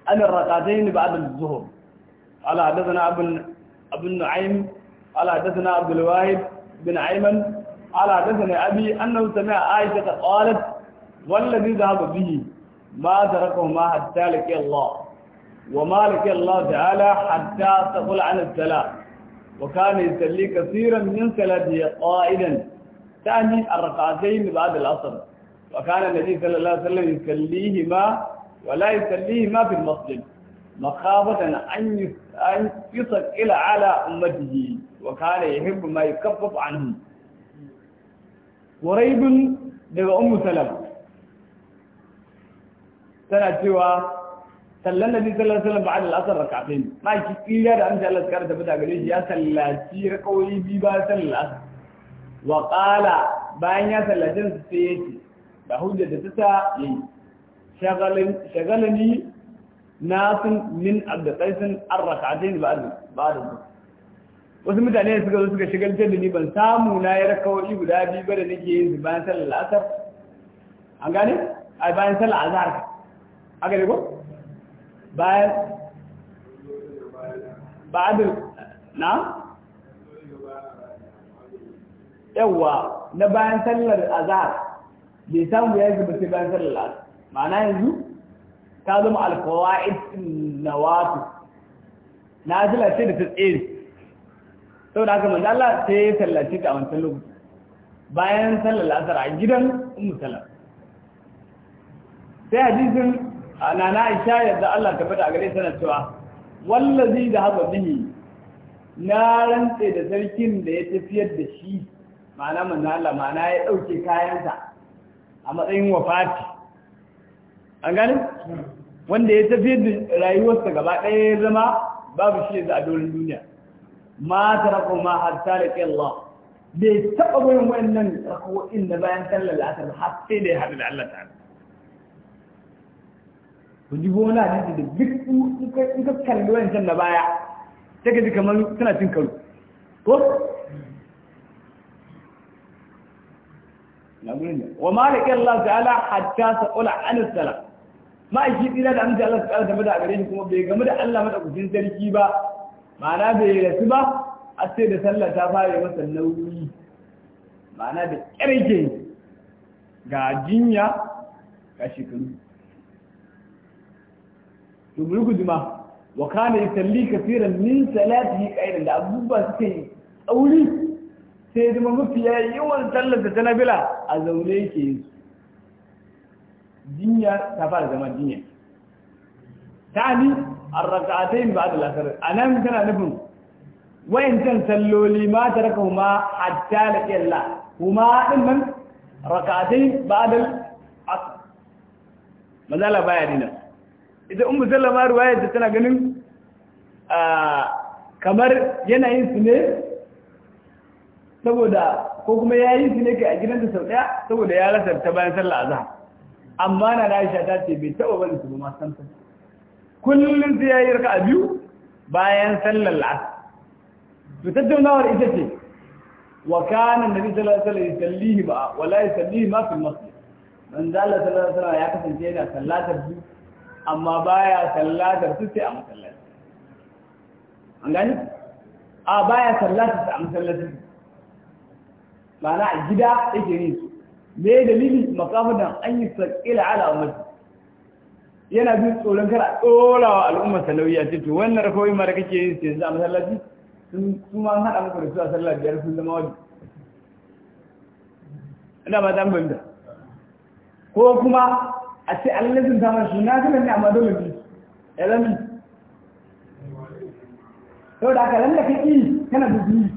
[SPEAKER 1] عن الركعتين بعد الظهر قال حدثنا أبو أبو النعيم قال حدثنا عبد الواحد بن أيمن قال حدثنا أبي أنه سمع عائشة قالت والذي ذهب به ما تركهما حتى لك الله وما لك الله تعالى حتى تقول عن الثلاث وكان يصلي كثيرا من صلاته قائدا ثاني الركعتين بعد العصر وكان النبي صلى الله عليه وسلم يصليهما ولا يصليهما في المسجد مخافة أن يصل إلى على أمته وكان يحب ما يكفف عنهم قريب daga ummu salam tana cewa صلى النبي صلى الله عليه وسلم على الاثر ركعتين ما كثير ان شاء الله ذكر تبدا قال يا صلى كثير قوي بي با صلى وقال باين يا صلى جن سيتي بحجة تسا شغل شغلني ناس من عبد قيس الركعتين بعد بعد wasu mutane suka zo suka shigar da ni ban samu na yi rakawai guda biyu ba da nake yin bayan sallar asar an gane a bayan bayan na yawwa na bayan sallar azhar bai samu ya yi sai bayan sallar azhar ma'ana yanzu ta zama alfawa'id nawatu na jila ce da ta tsere sau da aka manta Allah sai ya sallace ta wancan lokaci bayan sallar azhar a gidan ummu salama sai hadisin ana na isha yadda Allah ta bada a gare sana cewa wallazi da haba bihi na rantse da sarkin da ya tafiyar da shi ma'ana manzo Allah ma'ana ya dauke kayansa a matsayin wafati an gani wanda ya tafiyar da rayuwarsa gaba ɗaya ya zama babu shi yanzu a doron duniya ma ta rako ma har ta da Allah bai taɓa bayan wayannan rako'in da bayan sallar la'asar har sai da ya haɗu da Allah ta'ala ku ji wani hadisi da duk in ka kalli wayancan da baya Ta gaji ji kamar suna cin karo ko na gurin ne wa malaka Allah ta'ala hatta sa'ula an salam ma'aiki dina da amince Allah ta'ala game da gare shi kuma bai game da Allah madaukakin sarki ba ma'ana bai rasu ba a sai da sallah ta fara masa nauyi ma'ana da kyarke ga jinya ga shekaru domin guduma wa kana yusalli kafiran min salatihi qailan da abubuwa suke yi tsauri sai zama mafiya yawan sallar da ta nabila a zaune yake yin jinya ta fara zama jinya tani arraka'atayn ba'da al-asr anan tana nufin wayancan salloli ma tarakahuma hatta laqiya Allah kuma din nan raka'atayn ba'da al-asr mazala baya dinan ita umu sallama ruwayar ta tana ganin kamar yanayin su ne saboda ko kuma yayin su ne kai a gidanta sau ɗaya saboda ya rasar ta bayan sallah azhar amma na Aisha ta ce bai taba wani su ba masu ta kullum sai yayi a biyu bayan sallar la'as. to tattaunawar ita ce wa kana annabi sallallahu alaihi wasallam yusallihi ba wala yusallihi ma fil masjid man zalla sallallahu alaihi wasallam ya kasance yana sallatar biyu amma baya sallatar su sai a masallaci an gani a baya sallatar su a masallaci Mana a gida yake yin su me dalili makamudan an yi sakila ala umarci. yana jin tsoron kara wa al'ummar salawiya ce to wannan rakawai ma da kake yin su yanzu a masallaci sun kuma haɗa muku da su a sallar biyar sun zama waje. ina ba zan bambam ko kuma a ce an samun shi na zama ne a dole ne ya zami sau da aka lallaka ƙi kana da yi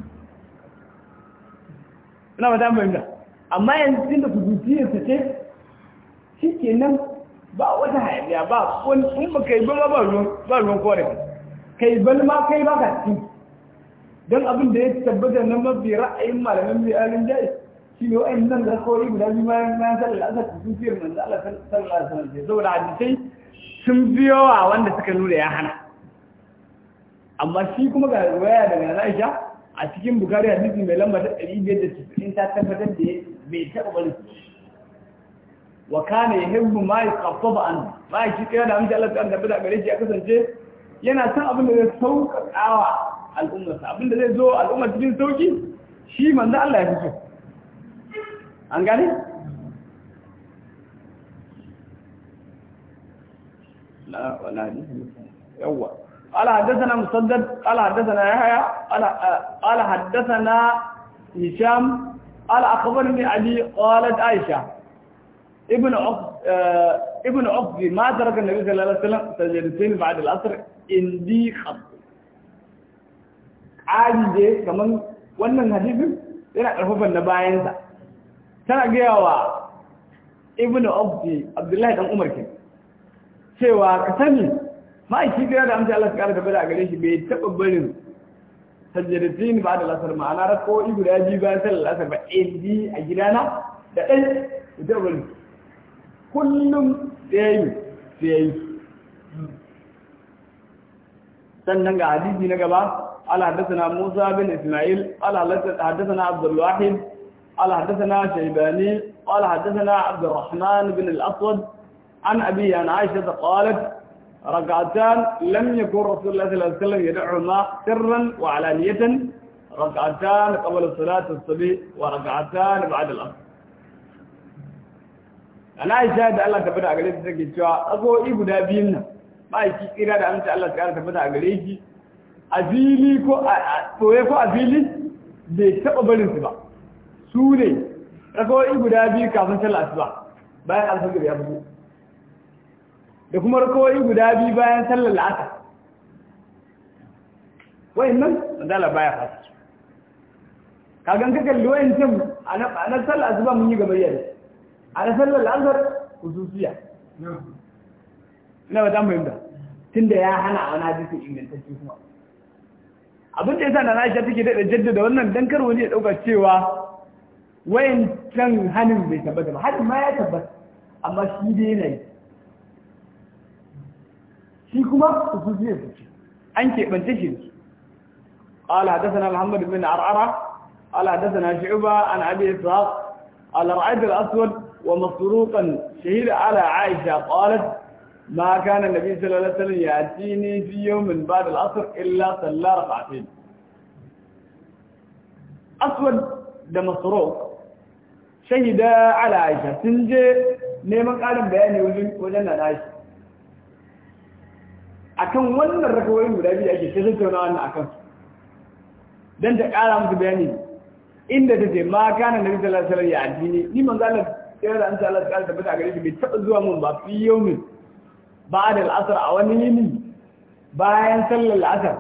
[SPEAKER 1] ina ba ta fahimta amma yanzu cikin da kudutiyar su ce shi ke nan ba wata hayaniya ba wani in ba kai ba ba ruwan kore kai ban ma kai ba ka ci don abin da ya tabbata na mafi ra'ayin malamin mai alin jai shi ne wa'in nan da kawai guda biyu bayan bayan sallar asar sun fiye manzo Allah sallallahu alaihi wasallam saboda hadisai sun biyo wa wanda suka nuna ya hana amma shi kuma ga waya daga Aisha a cikin Bukhari hadisi mai lamba ta 590 ta tabbatar da bai taɓa bari wa kana yahibbu ma yaqaffa an ba shi kai da amince Allah ta tabbata gare shi ya kasance yana san abin da zai sauƙaƙawa al'ummarsa abin da zai zo al'ummar cikin sauƙi shi manzo Allah ya fito an قال حدثنا مسدد قال حدثنا يحيى قال حدثنا هشام قال اخبرني علي قالت عائشه ابن عقب آه، ابن عقب ما ترك النبي صلى الله عليه وسلم سجدتين بعد العصر عندي خط عادي كمان wannan hadisin yana karfafan da bayansa tana gaya wa ibn abdi abdullahi dan umar ke cewa ka sani ma'aiki da da amsa Allah ta kara gaba da gare shi bai taba barin sajjadatin ba da lasar ma'ana rako ibu da ji ba sallar lasar ba indi a gidana da ɗan da wani kullum tsayayi tsayayi sannan ga hadisi na gaba ala haddathana Musa bin Ismail ala haddathana Abdul Wahid قال حدثنا شيباني قال حدثنا عبد الرحمن بن الأسود عن أبي عن عائشة قالت ركعتان لم يكن رسول الله صلى الله عليه وسلم يدعهما سرا وعلانية ركعتان قبل صلاة الصبي وركعتان بعد الأصل أنا أشاهد da Allah ta fada a gare ta take cewa ما guda biyun nan ba ki kira da amince Allah ta kara ta fada su ne rakawai guda biyu kafin sallar asuba bayan alfajir ya fito da kuma rakawai guda biyu bayan sallar la'asar wayannan sandala baya fasa kagan ka kalli cin a na sallar asuba mun yi gabar yare a na sallar la'asar hususiya ina ba ta fahimta tun da ya hana a wani hadisi ingantacci kuma abin da ya sa na na take daɗa jaddada wannan dankar kar wani ya dauka cewa وين كان هانم tabbata ما hannun ma ya tabbata amma shi dai yana yi shi kuma قال حدثنا محمد بن عرعرة قال حدثنا شعبة عن أبي إسحاق قال رأيت الأسود ومسروقا شهيدا على عائشة قالت ما كان النبي صلى الله عليه وسلم يأتيني في يوم من بعد العصر إلا صلى ركعتين أسود ده مسروق shahida ala aisha sun je neman ƙarin bayani wajen na aisha akan wannan rakawoyin guda biyu ake ta tattauna wannan akan don ta ƙara musu bayani inda ta ce ma kana na sallallahu alaihi wasallam ya addini ni manzo Allah sai da an ta Allah ta tabbata gare shi bai taba zuwa mun ba fi yaumin ba'da da asr a wani yini bayan sallar al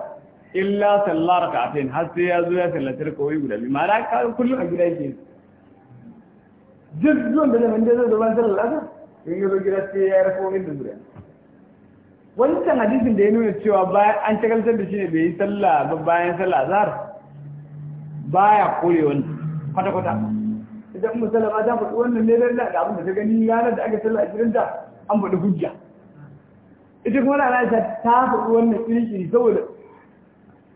[SPEAKER 1] illa sallar raka'atain har sai ya zo ya sallatar kawai guda biyu ma ra kullum a gida yake Jirgin zuwan da zama zai zo ban sallar asar in yi zo gida sai ya rafa wani da zuriya wancan hadisin da ya nuna cewa an shagaltar da shi ne bai yi sallah ba bayan sallah azhar baya kore wani kwata-kwata idan musallar ma ta faɗi wannan ne lalla da abin da ta gani ranar da aka sallah a jirinta an faɗi hujja ita kuma na aisha ta faɗi wannan kirkiri saboda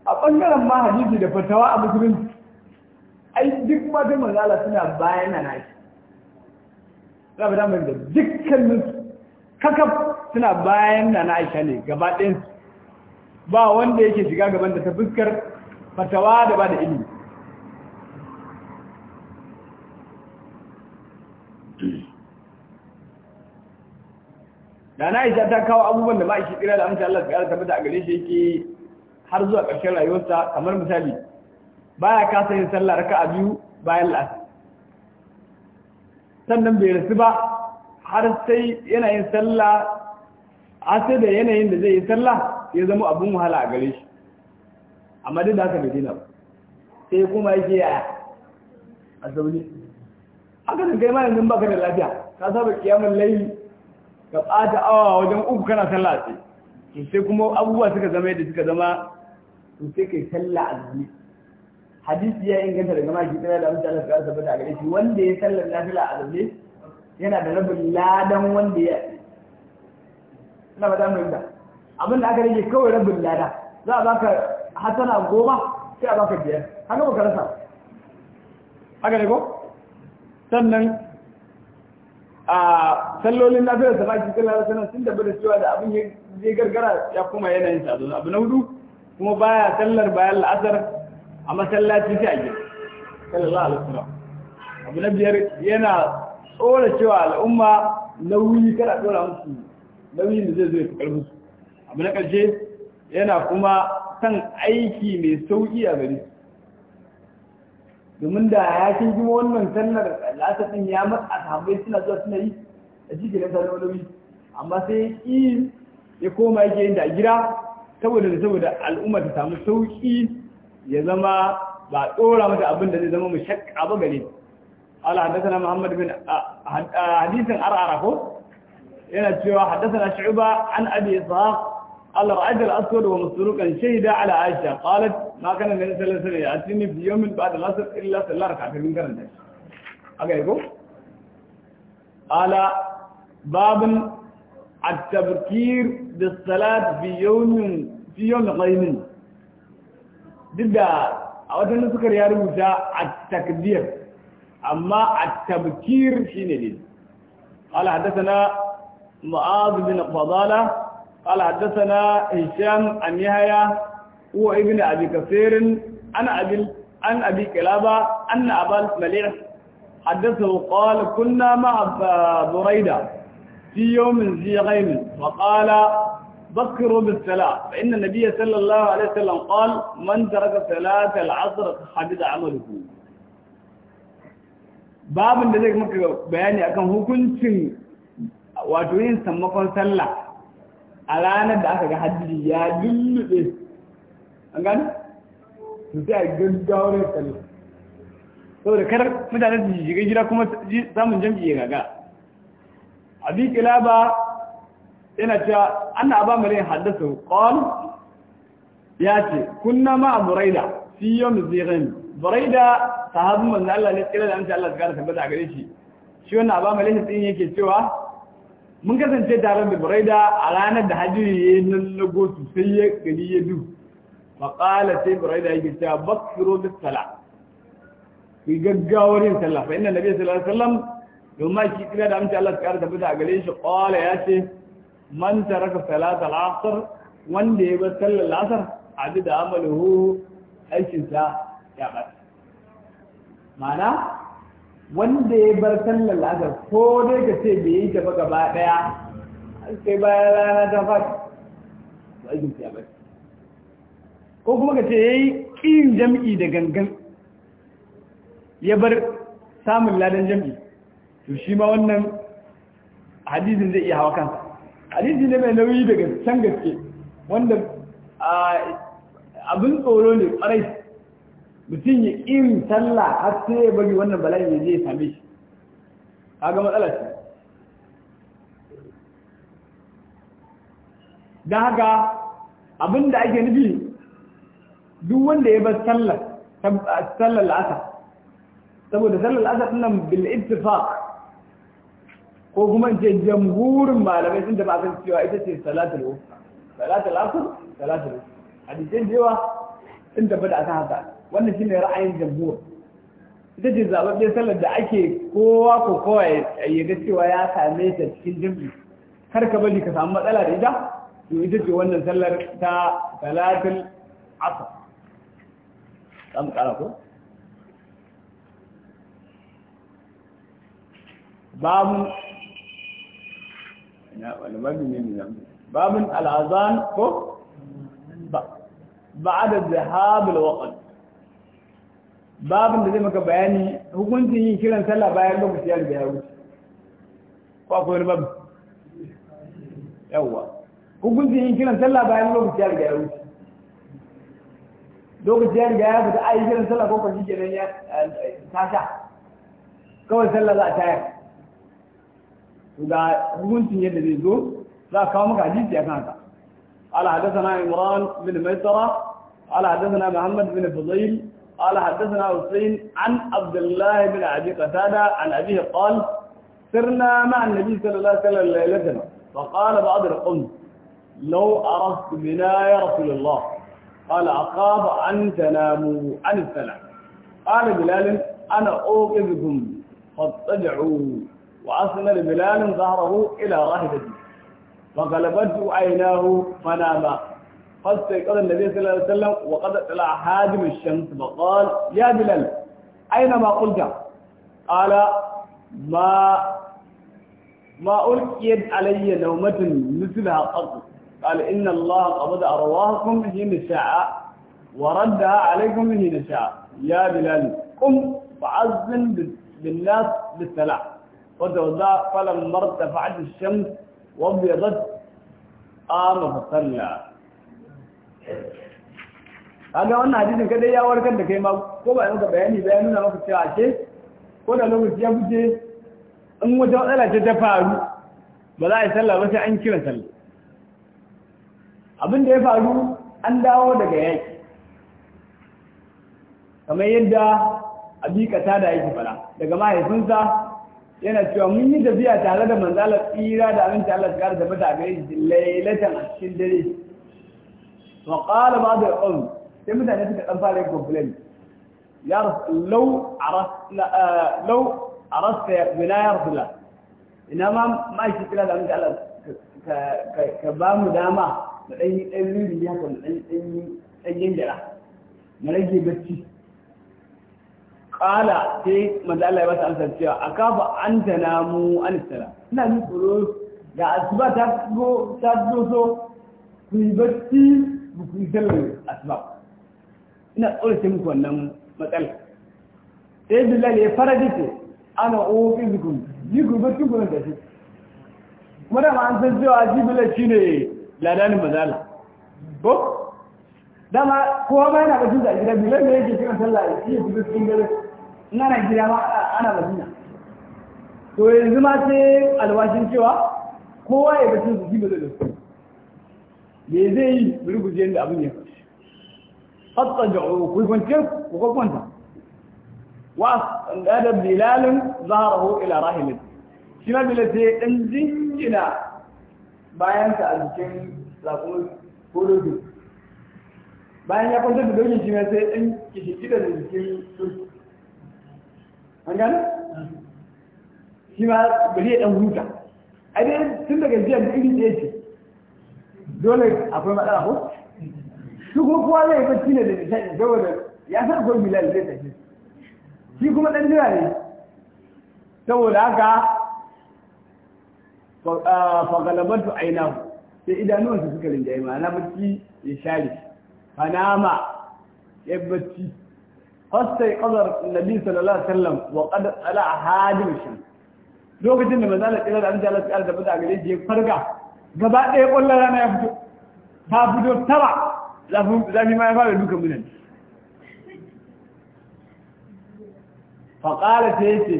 [SPEAKER 1] a ɓangaren ma hadisi da fatawa a musulunci ai duk matan magana suna bayan na nashi za mu damar da dukkanin kakaf suna bayan na na aisha ne gaba ɗayan ba wanda yake shiga gaban da ta fuskar fatawa da ba da ilimi da na aisha ta kawo abubuwan da ma'aishi kira da amince Allah ta tabbata a gare shi yake har zuwa ƙarshen rayuwarsa kamar misali baya kasa yin sallah raka a biyu bayan la'asar sannan bai rasu ba har sai yanayin sallah da yanayin da zai yi sallah ya zama abin wahala a gare shi amma duk da haka bai dina sai kuma yake a sauri haka da kai ma yanzu baka da lafiya ka saba kiyamun layi ka ɓata awa wajen uku kana sallah sai kuma abubuwa suka zama yadda suka zama to sai kai sallah a zuwa hadisi ya inganta daga maki tsaya da mutane su kasa bada a gare shi wanda ya sallar lafiya a zaune yana da rabin ladan wanda ya na ba za mu abinda aka rage kawai rabin lada za a baka hasana goma sai a baka biyar haka baka rasa haka ne ko sannan a sallolin lafiya da baki sallar da sanar sun tabbata cewa da abin ya gargara ya kuma yanayin sa abu na hudu kuma baya sallar bayan la'asar a masallaci sai a gina sallallahu alaihi wasallam abu na biyar yana tsora cewa al'umma nauyi kada tsora musu nauyin da zai zo ya musu abu na ƙarshe yana kuma san aiki mai sauƙi a gari domin da ya kin gima wannan sannar lasa ɗin ya matsa sahabbai suna zuwa suna yi a cikin nasa na nauyi amma sai ya ya koma yake yin da gida saboda saboda al'umma ta samu sauƙi ya zama ba tsora mata abinda da zai zama mushakka ba gare ala haddathana muhammad bin hadisin ar'ara ko yana cewa haddathana shu'ba an abi ishaq al-ra'd al-aswad wa musruqan shahida ala aisha qalat ma kana nabi sallallahu alaihi wasallam yatini fi yawmin ba'da al-asr illa sallar rak'atayn min karanta aga ko ala babun at-tabkir bis-salat fi yawmin fi yawmin qaymin duk da a wata nusukar ya rubuta a takdir amma a tabkir shine ne قال حدثنا معاذ بن فضالة قال حدثنا هشام عن يحيى هو ابن أبي كثير عن أبي عن أبي كلابة أن أبا المليح حدثه قال كنا مع بريدة في يوم ذي غيم فقال ذكروا بالصلاة فإن النبي صلى الله عليه وسلم قال من ترك صلاة العصر حبط عمله باب da zai maka bayani akan hukuncin wato yin sammakon sallah a da aka ga hadiri ya lullube an gani? su sai a kar mutane su shiga gida kuma samun jam'i ya gaga a kila ba. yana cewa ana ba mu rin haddasa qal ya ce kunna ma buraida fi yawm zighan buraida sahabu manzo Allah ne kira da an Allah Allah ya tabbata gare shi shi wannan ba mu rin din yake cewa mun kasance tare da buraida a ranar da hajji ya nallago su sai ya gari ya du fa qala sai buraida yake cewa bakiru bis sala ku gaggawar yin sallah fa inna nabiyyi sallallahu alaihi wasallam domin ki kira da amince Allah ya tabbata gare shi qala ya ce man taraka salat al-asr wanda ya bar sallar asr abi da amaluhu aikin sa ya bar mana wanda ya bar sallar asr ko dai ka ce bai yi ta ba gaba daya sai bayan rana ta fadi aikin sa ya bar ko kuma ka ce yayi kin jam'i da gangan ya bar samun ladan jam'i to shi ma wannan hadisin zai iya hawa kansa hadisi ne mai nauyi daga can gaske wanda abin tsoro ne kwarai mutum ya irin sallah har sai ya bari wannan bala'in ya je ya same shi kaga matsala ce don haka abin da ake nufi duk wanda ya bar sallar sallar la'asa saboda sallar la'asa nan bil ittifaq ko kuma in ce jamhurin malamai sun taba san cewa ita ce salatul wusta salatul asr salatul wusta hadisin cewa sun tafi da akan haka wannan shine ra'ayin jamhur ita ce zababbe sallar da ake kowa ko kowa ya ga cewa ya same ta cikin jami'i kar ka bari ka samu matsala da ita to ita ce wannan sallar ta salatul asr za kara ko babu باب الأذان بعد الذهاب الوقت باب الذي مك بياني حكمتي كيران صلاة باير لو كيان يعني بيعوت كوكو باب يوا حكمتي كيران صلاة باير لو كيان يعني بيعوت لو كيان يعني بيعوت اي كيران صلاة كوكو جي جنيا تاشا كو صلاة لا إذا كنت يدري ذو لا كامك عجيز يا كانت قال حدثنا عمران بن ميسرة قال حدثنا محمد بن فضيل قال حدثنا حسين عن عبد الله بن عبي قتادة عن أبيه قال سرنا مع النبي صلى الله عليه وسلم ليلتنا فقال بعض القوم لو أرست بنا يا رسول الله قال أقاب عن تناموا عن السلام قال بلال أنا أوقفكم فاتجعوا وأصل لبلال ظهره إلى راحلته فغلبته عيناه فنام فاستيقظ النبي صلى الله عليه وسلم وقد طلع حاجم الشمس فقال يا بلال أين ما قلت قال ما ما ألقيت علي نومة مثلها قط قال إن الله قبض أرواحكم حين شاء وردها عليكم حين شاء يا بلال قم فعزن بالناس بالسلام وتوزع فلما ارتفعت الشمس وابيضت قام فصلى kaga wannan hadisin kadai ya warkar da kai ma ko ba maka bayani ba ya nuna maka cewa ce ko da lokaci ya fice in wata matsala ce ta faru ba za a yi sallah ba sai an kira sallah abin da ya faru an dawo daga yaki kamar yadda abikata da yake fara daga mahaifinsa yana cewa mun yi tafiya tare da Manzalar tsira da aminci Allah ta da mata gare shi lailatan a cikin dare to qala ba'd al-qawm sai mutane suka dan fara complain ya rasul law aras eh, law aras ya bila ya rasul ina ma ma shi kira da aminci Allah ka ba mu dama da dan yi dan ruri haka da dan dan dan yin dara na rage bacci kala sai manzo Allah ya ba ta amsar cewa akafa anta namu anistara ina ni tsoro da asuba ta go ta zo so ku yi bacci ku yi sallar asuba ina tsoro sai muku wannan matsala sai billahi ya fara dace ana ofi zikun ni ku bacci ku da shi kuma da ma an san cewa shi billahi shine ladanin mazala ko dama kowa ma yana bacci da gida bilal ne yake cikin sallah shi ya fi cikin dare in Najeriya ba ma ana madina to yanzu ma sai alwashin cewa kowa ya bacin su jiba zai dauko me zai yi guje da abin ya fashi hatta da ku kwance ku kwanta wa da bilalin zaharahu ila rahilat shi ma bilal sai dan jinjina bayan ta a jikin zakon kododo bayan ya kwanta da dokin shi ma sai dan kishi da jikin turki an gane shi ma bari ya ɗan huta a dai tun daga jiya da iri ɗaya ce dole akwai matsala ko shi kuma kowa zai bacci ne da nishaɗi saboda ya san akwai bilal zai tafi shi kuma ɗan jira ne saboda haka fagalabantu ainihu sai idanuwansu suka rinjaye na bacci ya share fanama ya bacci قد استيقظ النبي صلى الله عليه وسلم وقد طلع هادم الشمس lokacin da manzalar tsirar an jalar tsayar da bada gare shi ya farga gaba ɗaya ƙwallon rana ya fito ta fito tara zafi ma ya fara duka munan faƙara ta yace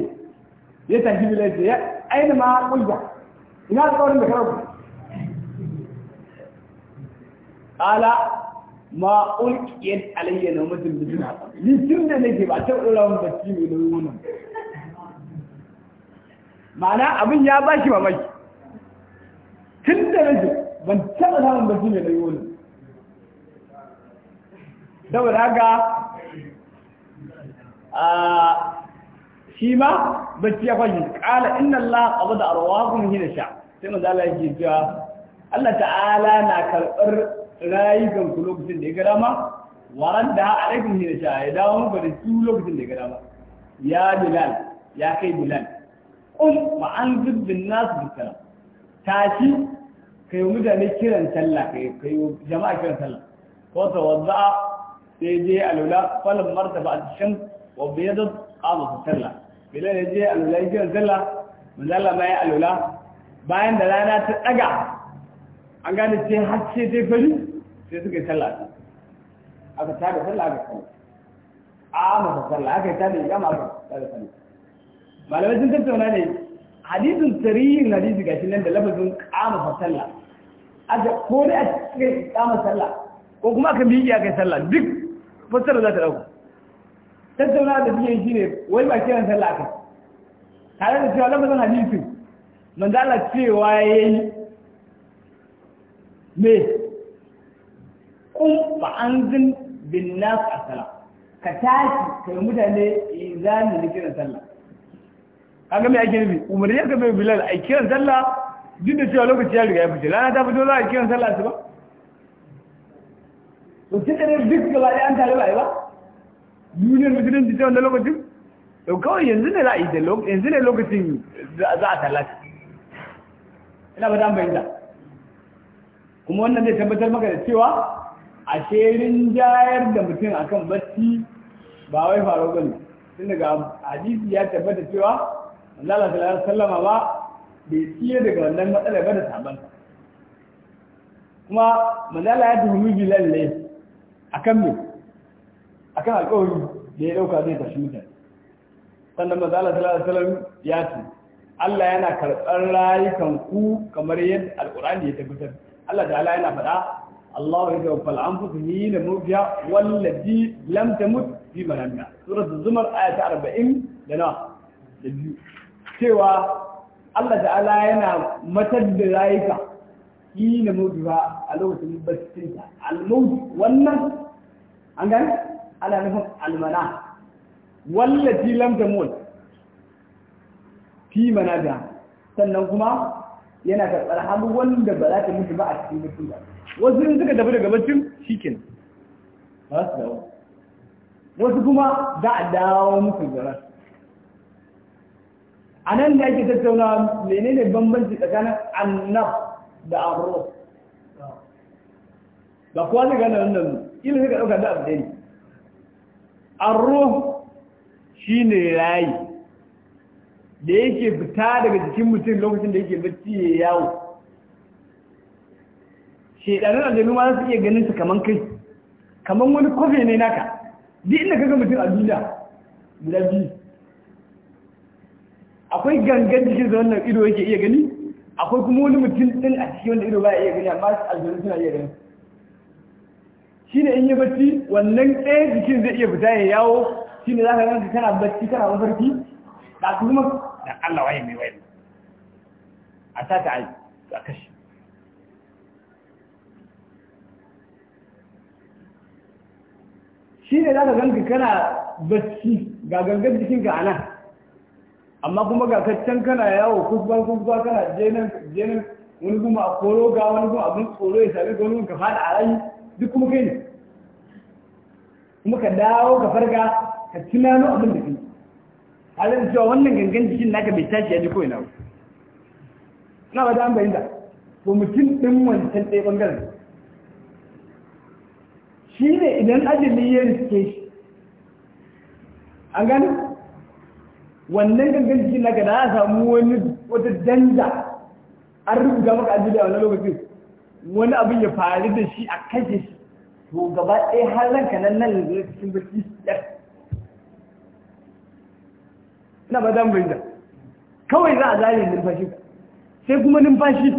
[SPEAKER 1] ya tafi bila yace ya aina ma ƙulba ina tsawon da karar ƙala ma ulkiyar alayya na mutum da suna ni tun da nake ba ta ɗora mun bacci mai nauyin wannan ma'ana abin ya ba shi mamaki tun da nake ban taɓa samun bacci mai nauyin wannan saboda haka a shi ma bacci ya kwashe kala inna Allah abu da hina sha sai mazala yake cewa Allah ta'ala na karɓar kan ku lokacin da ya gada ma waran da alaikum hina sha ya dawo muku da su lokacin da ya gada dama ya bilal ya kai bilal Um ma an bin nasu bisara tashi kai mutane kiran sallah kai kai jama'a kiran sallah ko tawadda sai je alula falam martaba al-shams wa biyadat qama sallah bilal ya je alula kiran sallah manzala ma ya alula bayan da rana ta daga an gane ce har ce yi fari sai suka yi sallah aka da sallah aka sallah a masa sallah aka yi tada ya ta da sallah malamai sun tattauna ne hadisin tarihin hadisi gashi nan da lafazin kama sallah aka ko dai a cikin kama sallah ko kuma aka miƙi aka yi sallah duk fassara za ta dauka tattauna da biyan shi ne wani ba kiran sallah aka tare da cewa lafazin hadisin manzala cewa me kun fa'anzin bin nas a sala ka tashi ka yi mutane izani da kiran sallah kaga mai ake nufi umarni ya kame bilal a kiran sallah duk da cewa lokaci ya riga ya fice rana ta fito za a kiran sallah su ba to tun da duk gaba ɗaya an tare ba ba duniyar musulunci ta wanda lokacin to kawai yanzu ne za a yi da yanzu ne lokacin za a talata ina ba ta bayyana kuma wannan zai tabbatar maka da cewa a sherin jayar da mutum akan bacci ba wai faru ba ne. tun daga hadisi ya tabbata cewa Allah sallallahu alaihi sallama ba bai tsiye daga wannan matsalar ba da saban kuma manzala ya tuhumi bilal ne akan me akan alƙawari da ya dauka zai tashi mutane sannan manzala sallallahu alaihi wasallam ya ce Allah yana karɓar rayukan ku kamar yadda alƙur'ani ya tabbatar Allah ta'ala yana faɗa Allah ya ga fal anfus min murja wallati lam tamut fi manamiha zumar aya ta 40 da na cewa Allah ta'ala yana matar da rayuka shi ne mutuwa a lokacin baccinta al-maut wannan an gani ana nufin almana wallati lam tamut fi manamiha sannan kuma yana karɓar hannu wanda ba za ta mutu ba a cikin mutuwa wasu ne suka tafi daga baccin shikin ba su dawo wasu kuma za a dawo musu zara a nan da ake tattauna menene bambanci tsakanin annab da abuwa ba kuwa zai gane wannan ilimin suka ɗauka da abu ɗaya ne arro shi ne rayi da yake fita daga jikin mutum lokacin da yake bacci ya yawo shedanin aljanu ma za su iya ganin su kaman kai kaman wani kofi ne naka duk inda kaga mutum a duniya guda biyu akwai gangan jikin da wannan ido yake iya gani akwai kuma wani mutum din a cikin wanda ido ba iya gani amma aljanu suna iya gani shi ne in yi bacci wannan ɗaya jikin zai iya fita ya yawo shi ne za ka ganka kana bacci kana mafarki da kuma da Allah waye mai waye a sa ta aiki a kashi shi ne za ka ganka kana bacci ga gangan jikinka a nan amma kuma ga kaccan kana yawo kusban kusba kana jenin wani kuma a koro ga wani kuma abin tsoro ya sami wani ka fada a rayu duk kuma kai ne kuma ka dawo ka farga ka tunano abin da kai halin cewa wannan gangan jikin naka bai tashi yaji ji na ina ba na ba da an bayyana mutum ɗin wancan ɗaya bangaren shi ne idan azumi ya riske shi a gani wannan gangan jikin na gada ya samu wani wata janja an rubuta maka azumi a wani lokacin wani abin ya faru da shi a kashe shi to gaba ɗaya har ka nan nan da cikin barci na ba zan bayyana kawai za a zare numfashi sai kuma numfashi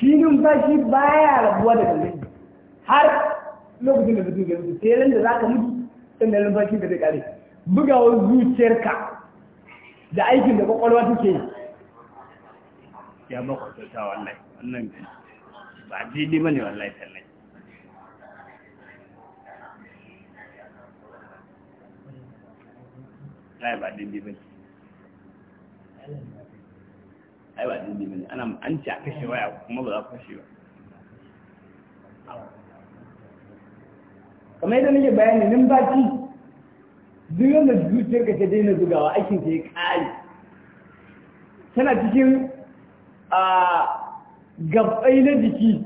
[SPEAKER 1] shi numfashi baya rabuwa da gangan har lokacin da mutum zai mutu sai ran da zaka mutu sai da numfashin da zai kare bugawar zuciyarka da aikin da kwakwalwa take yi ya ba kwatanta wallahi wannan ba daidai bane wallahi tallai ai ba daidai bane ai ba daidai bane ana an ci a kashewa kuma ba za ku kashe kamar yadda nake bayani baki duk zuciyar ka ta daina zugawa aikin ta ya kare tana cikin a gabai na jiki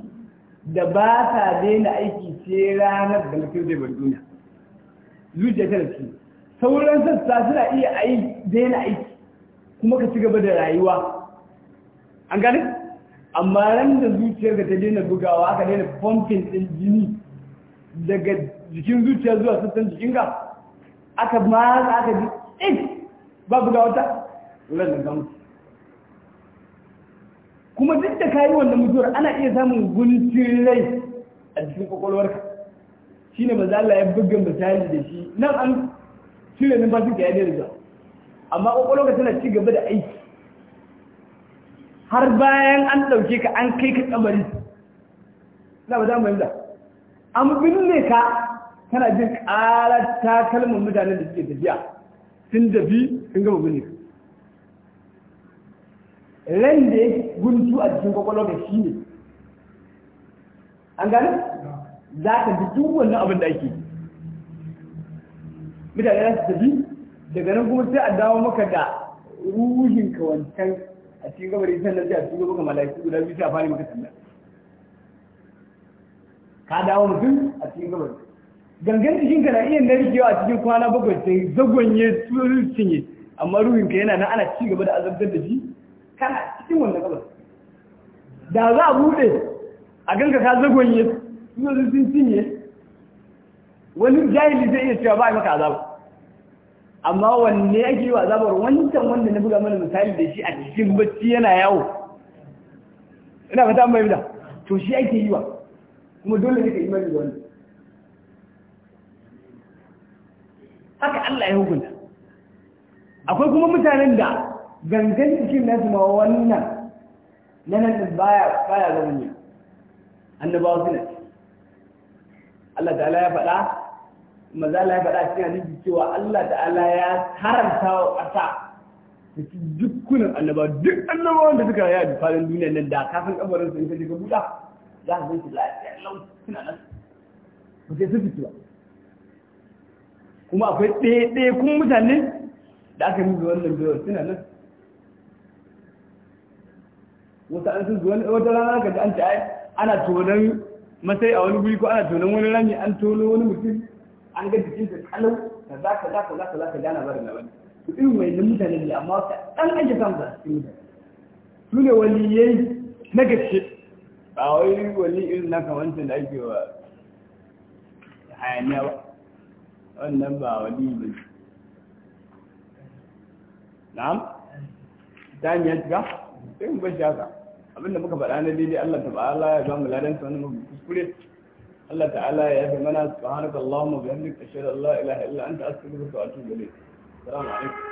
[SPEAKER 1] da ba ta daina aiki sai ranar da mutum zai bar duniya zuciya tana ciki sauran sassa suna iya daina aiki kuma ka ci gaba da rayuwa an gane amma ran da zuciyar ka ta daina bugawa ka daina pumping din jini daga jikin zuciya zuwa sassan jikin ga aka matsa aka ji ɗin eh, babu ga wata wurin da kuma duk da kayi wannan mutuwar ana iya samun guntun rai a jikin kwakwalwarka shi ne maza Allah ya buga misali da shi nan an cire numfashin ka ya daina zuwa amma kwakwalwarka tana ci gaba da aiki har bayan an ɗauke ka an kai ka kamari na ba za mu yi an binne ka tana jin ƙarar takalmin mutanen da suke tafiya sun dafi sun gama binne ka ran da ya guntu a cikin kwakwalwa da shi ne an gani za ka ji duk wannan abin da ake mutane za su tafi daga nan kuma sai a dawo maka da ruhin ka wancan a cikin gabar sannan sai a cikin maka malaki guda biyu sai a fara maka sannan ka dawo mutum a cikin gabar gangan cikin ka na iya narkewa a cikin kwana bakwai sai zagonye cinye amma ruhin ka yana na ana ci gaba da azabtar da shi kana cikin wannan gabar da za a bude a ganka ka zagonye sun cinye wani jahili zai iya cewa ba a maka azaba amma wanne ake yi wa azabar wancan wanda na buga mana misali da shi a cikin bacci yana yawo ina fata mai bida to shi ake yi wa kuma dole ne ka imani da wannan haka Allah ya hukunta akwai kuma mutanen da gangan cikin nasu ma wannan na nan da baya baya ga ne annabawa suna Allah ta'ala ya faɗa maza Allah ya faɗa cikin hadisi cewa Allah ta'ala ya haramta wa ƙasa da dukkanin annabawa duk annabawan da suka rayu a faɗin duniya nan da kafin kabarin sun in ka je ka buɗa za ka ganci lafiyar lau suna nan ba sai sun kuma akwai ɗaya kun mutane da aka yi wannan biyar suna nan wata an sun zuwa wata rana ka ji an ce ana tonon masai a wani guri ko ana tonon wani rami an tono wani mutum an ga ta kalau ka za ka za ka za ka za ka gana barin na wani irin wani mutane ne amma ɗan ake samun su mutane su ne waliyai na gaske ba wai wali irin na kamantar da ake wa hayaniya ba wannan ba wali ba na'am ta hanyar shiga sai mu bashi haka abinda muka faɗa na daidai Allah ta'ala ya ba mu ladan sa wani kuskure Allah ta'ala ya yafe mana subhanaka Allahumma bihamdika ashhadu an la ilaha illa anta astaghfiruka wa atubu ilayk assalamu alaikum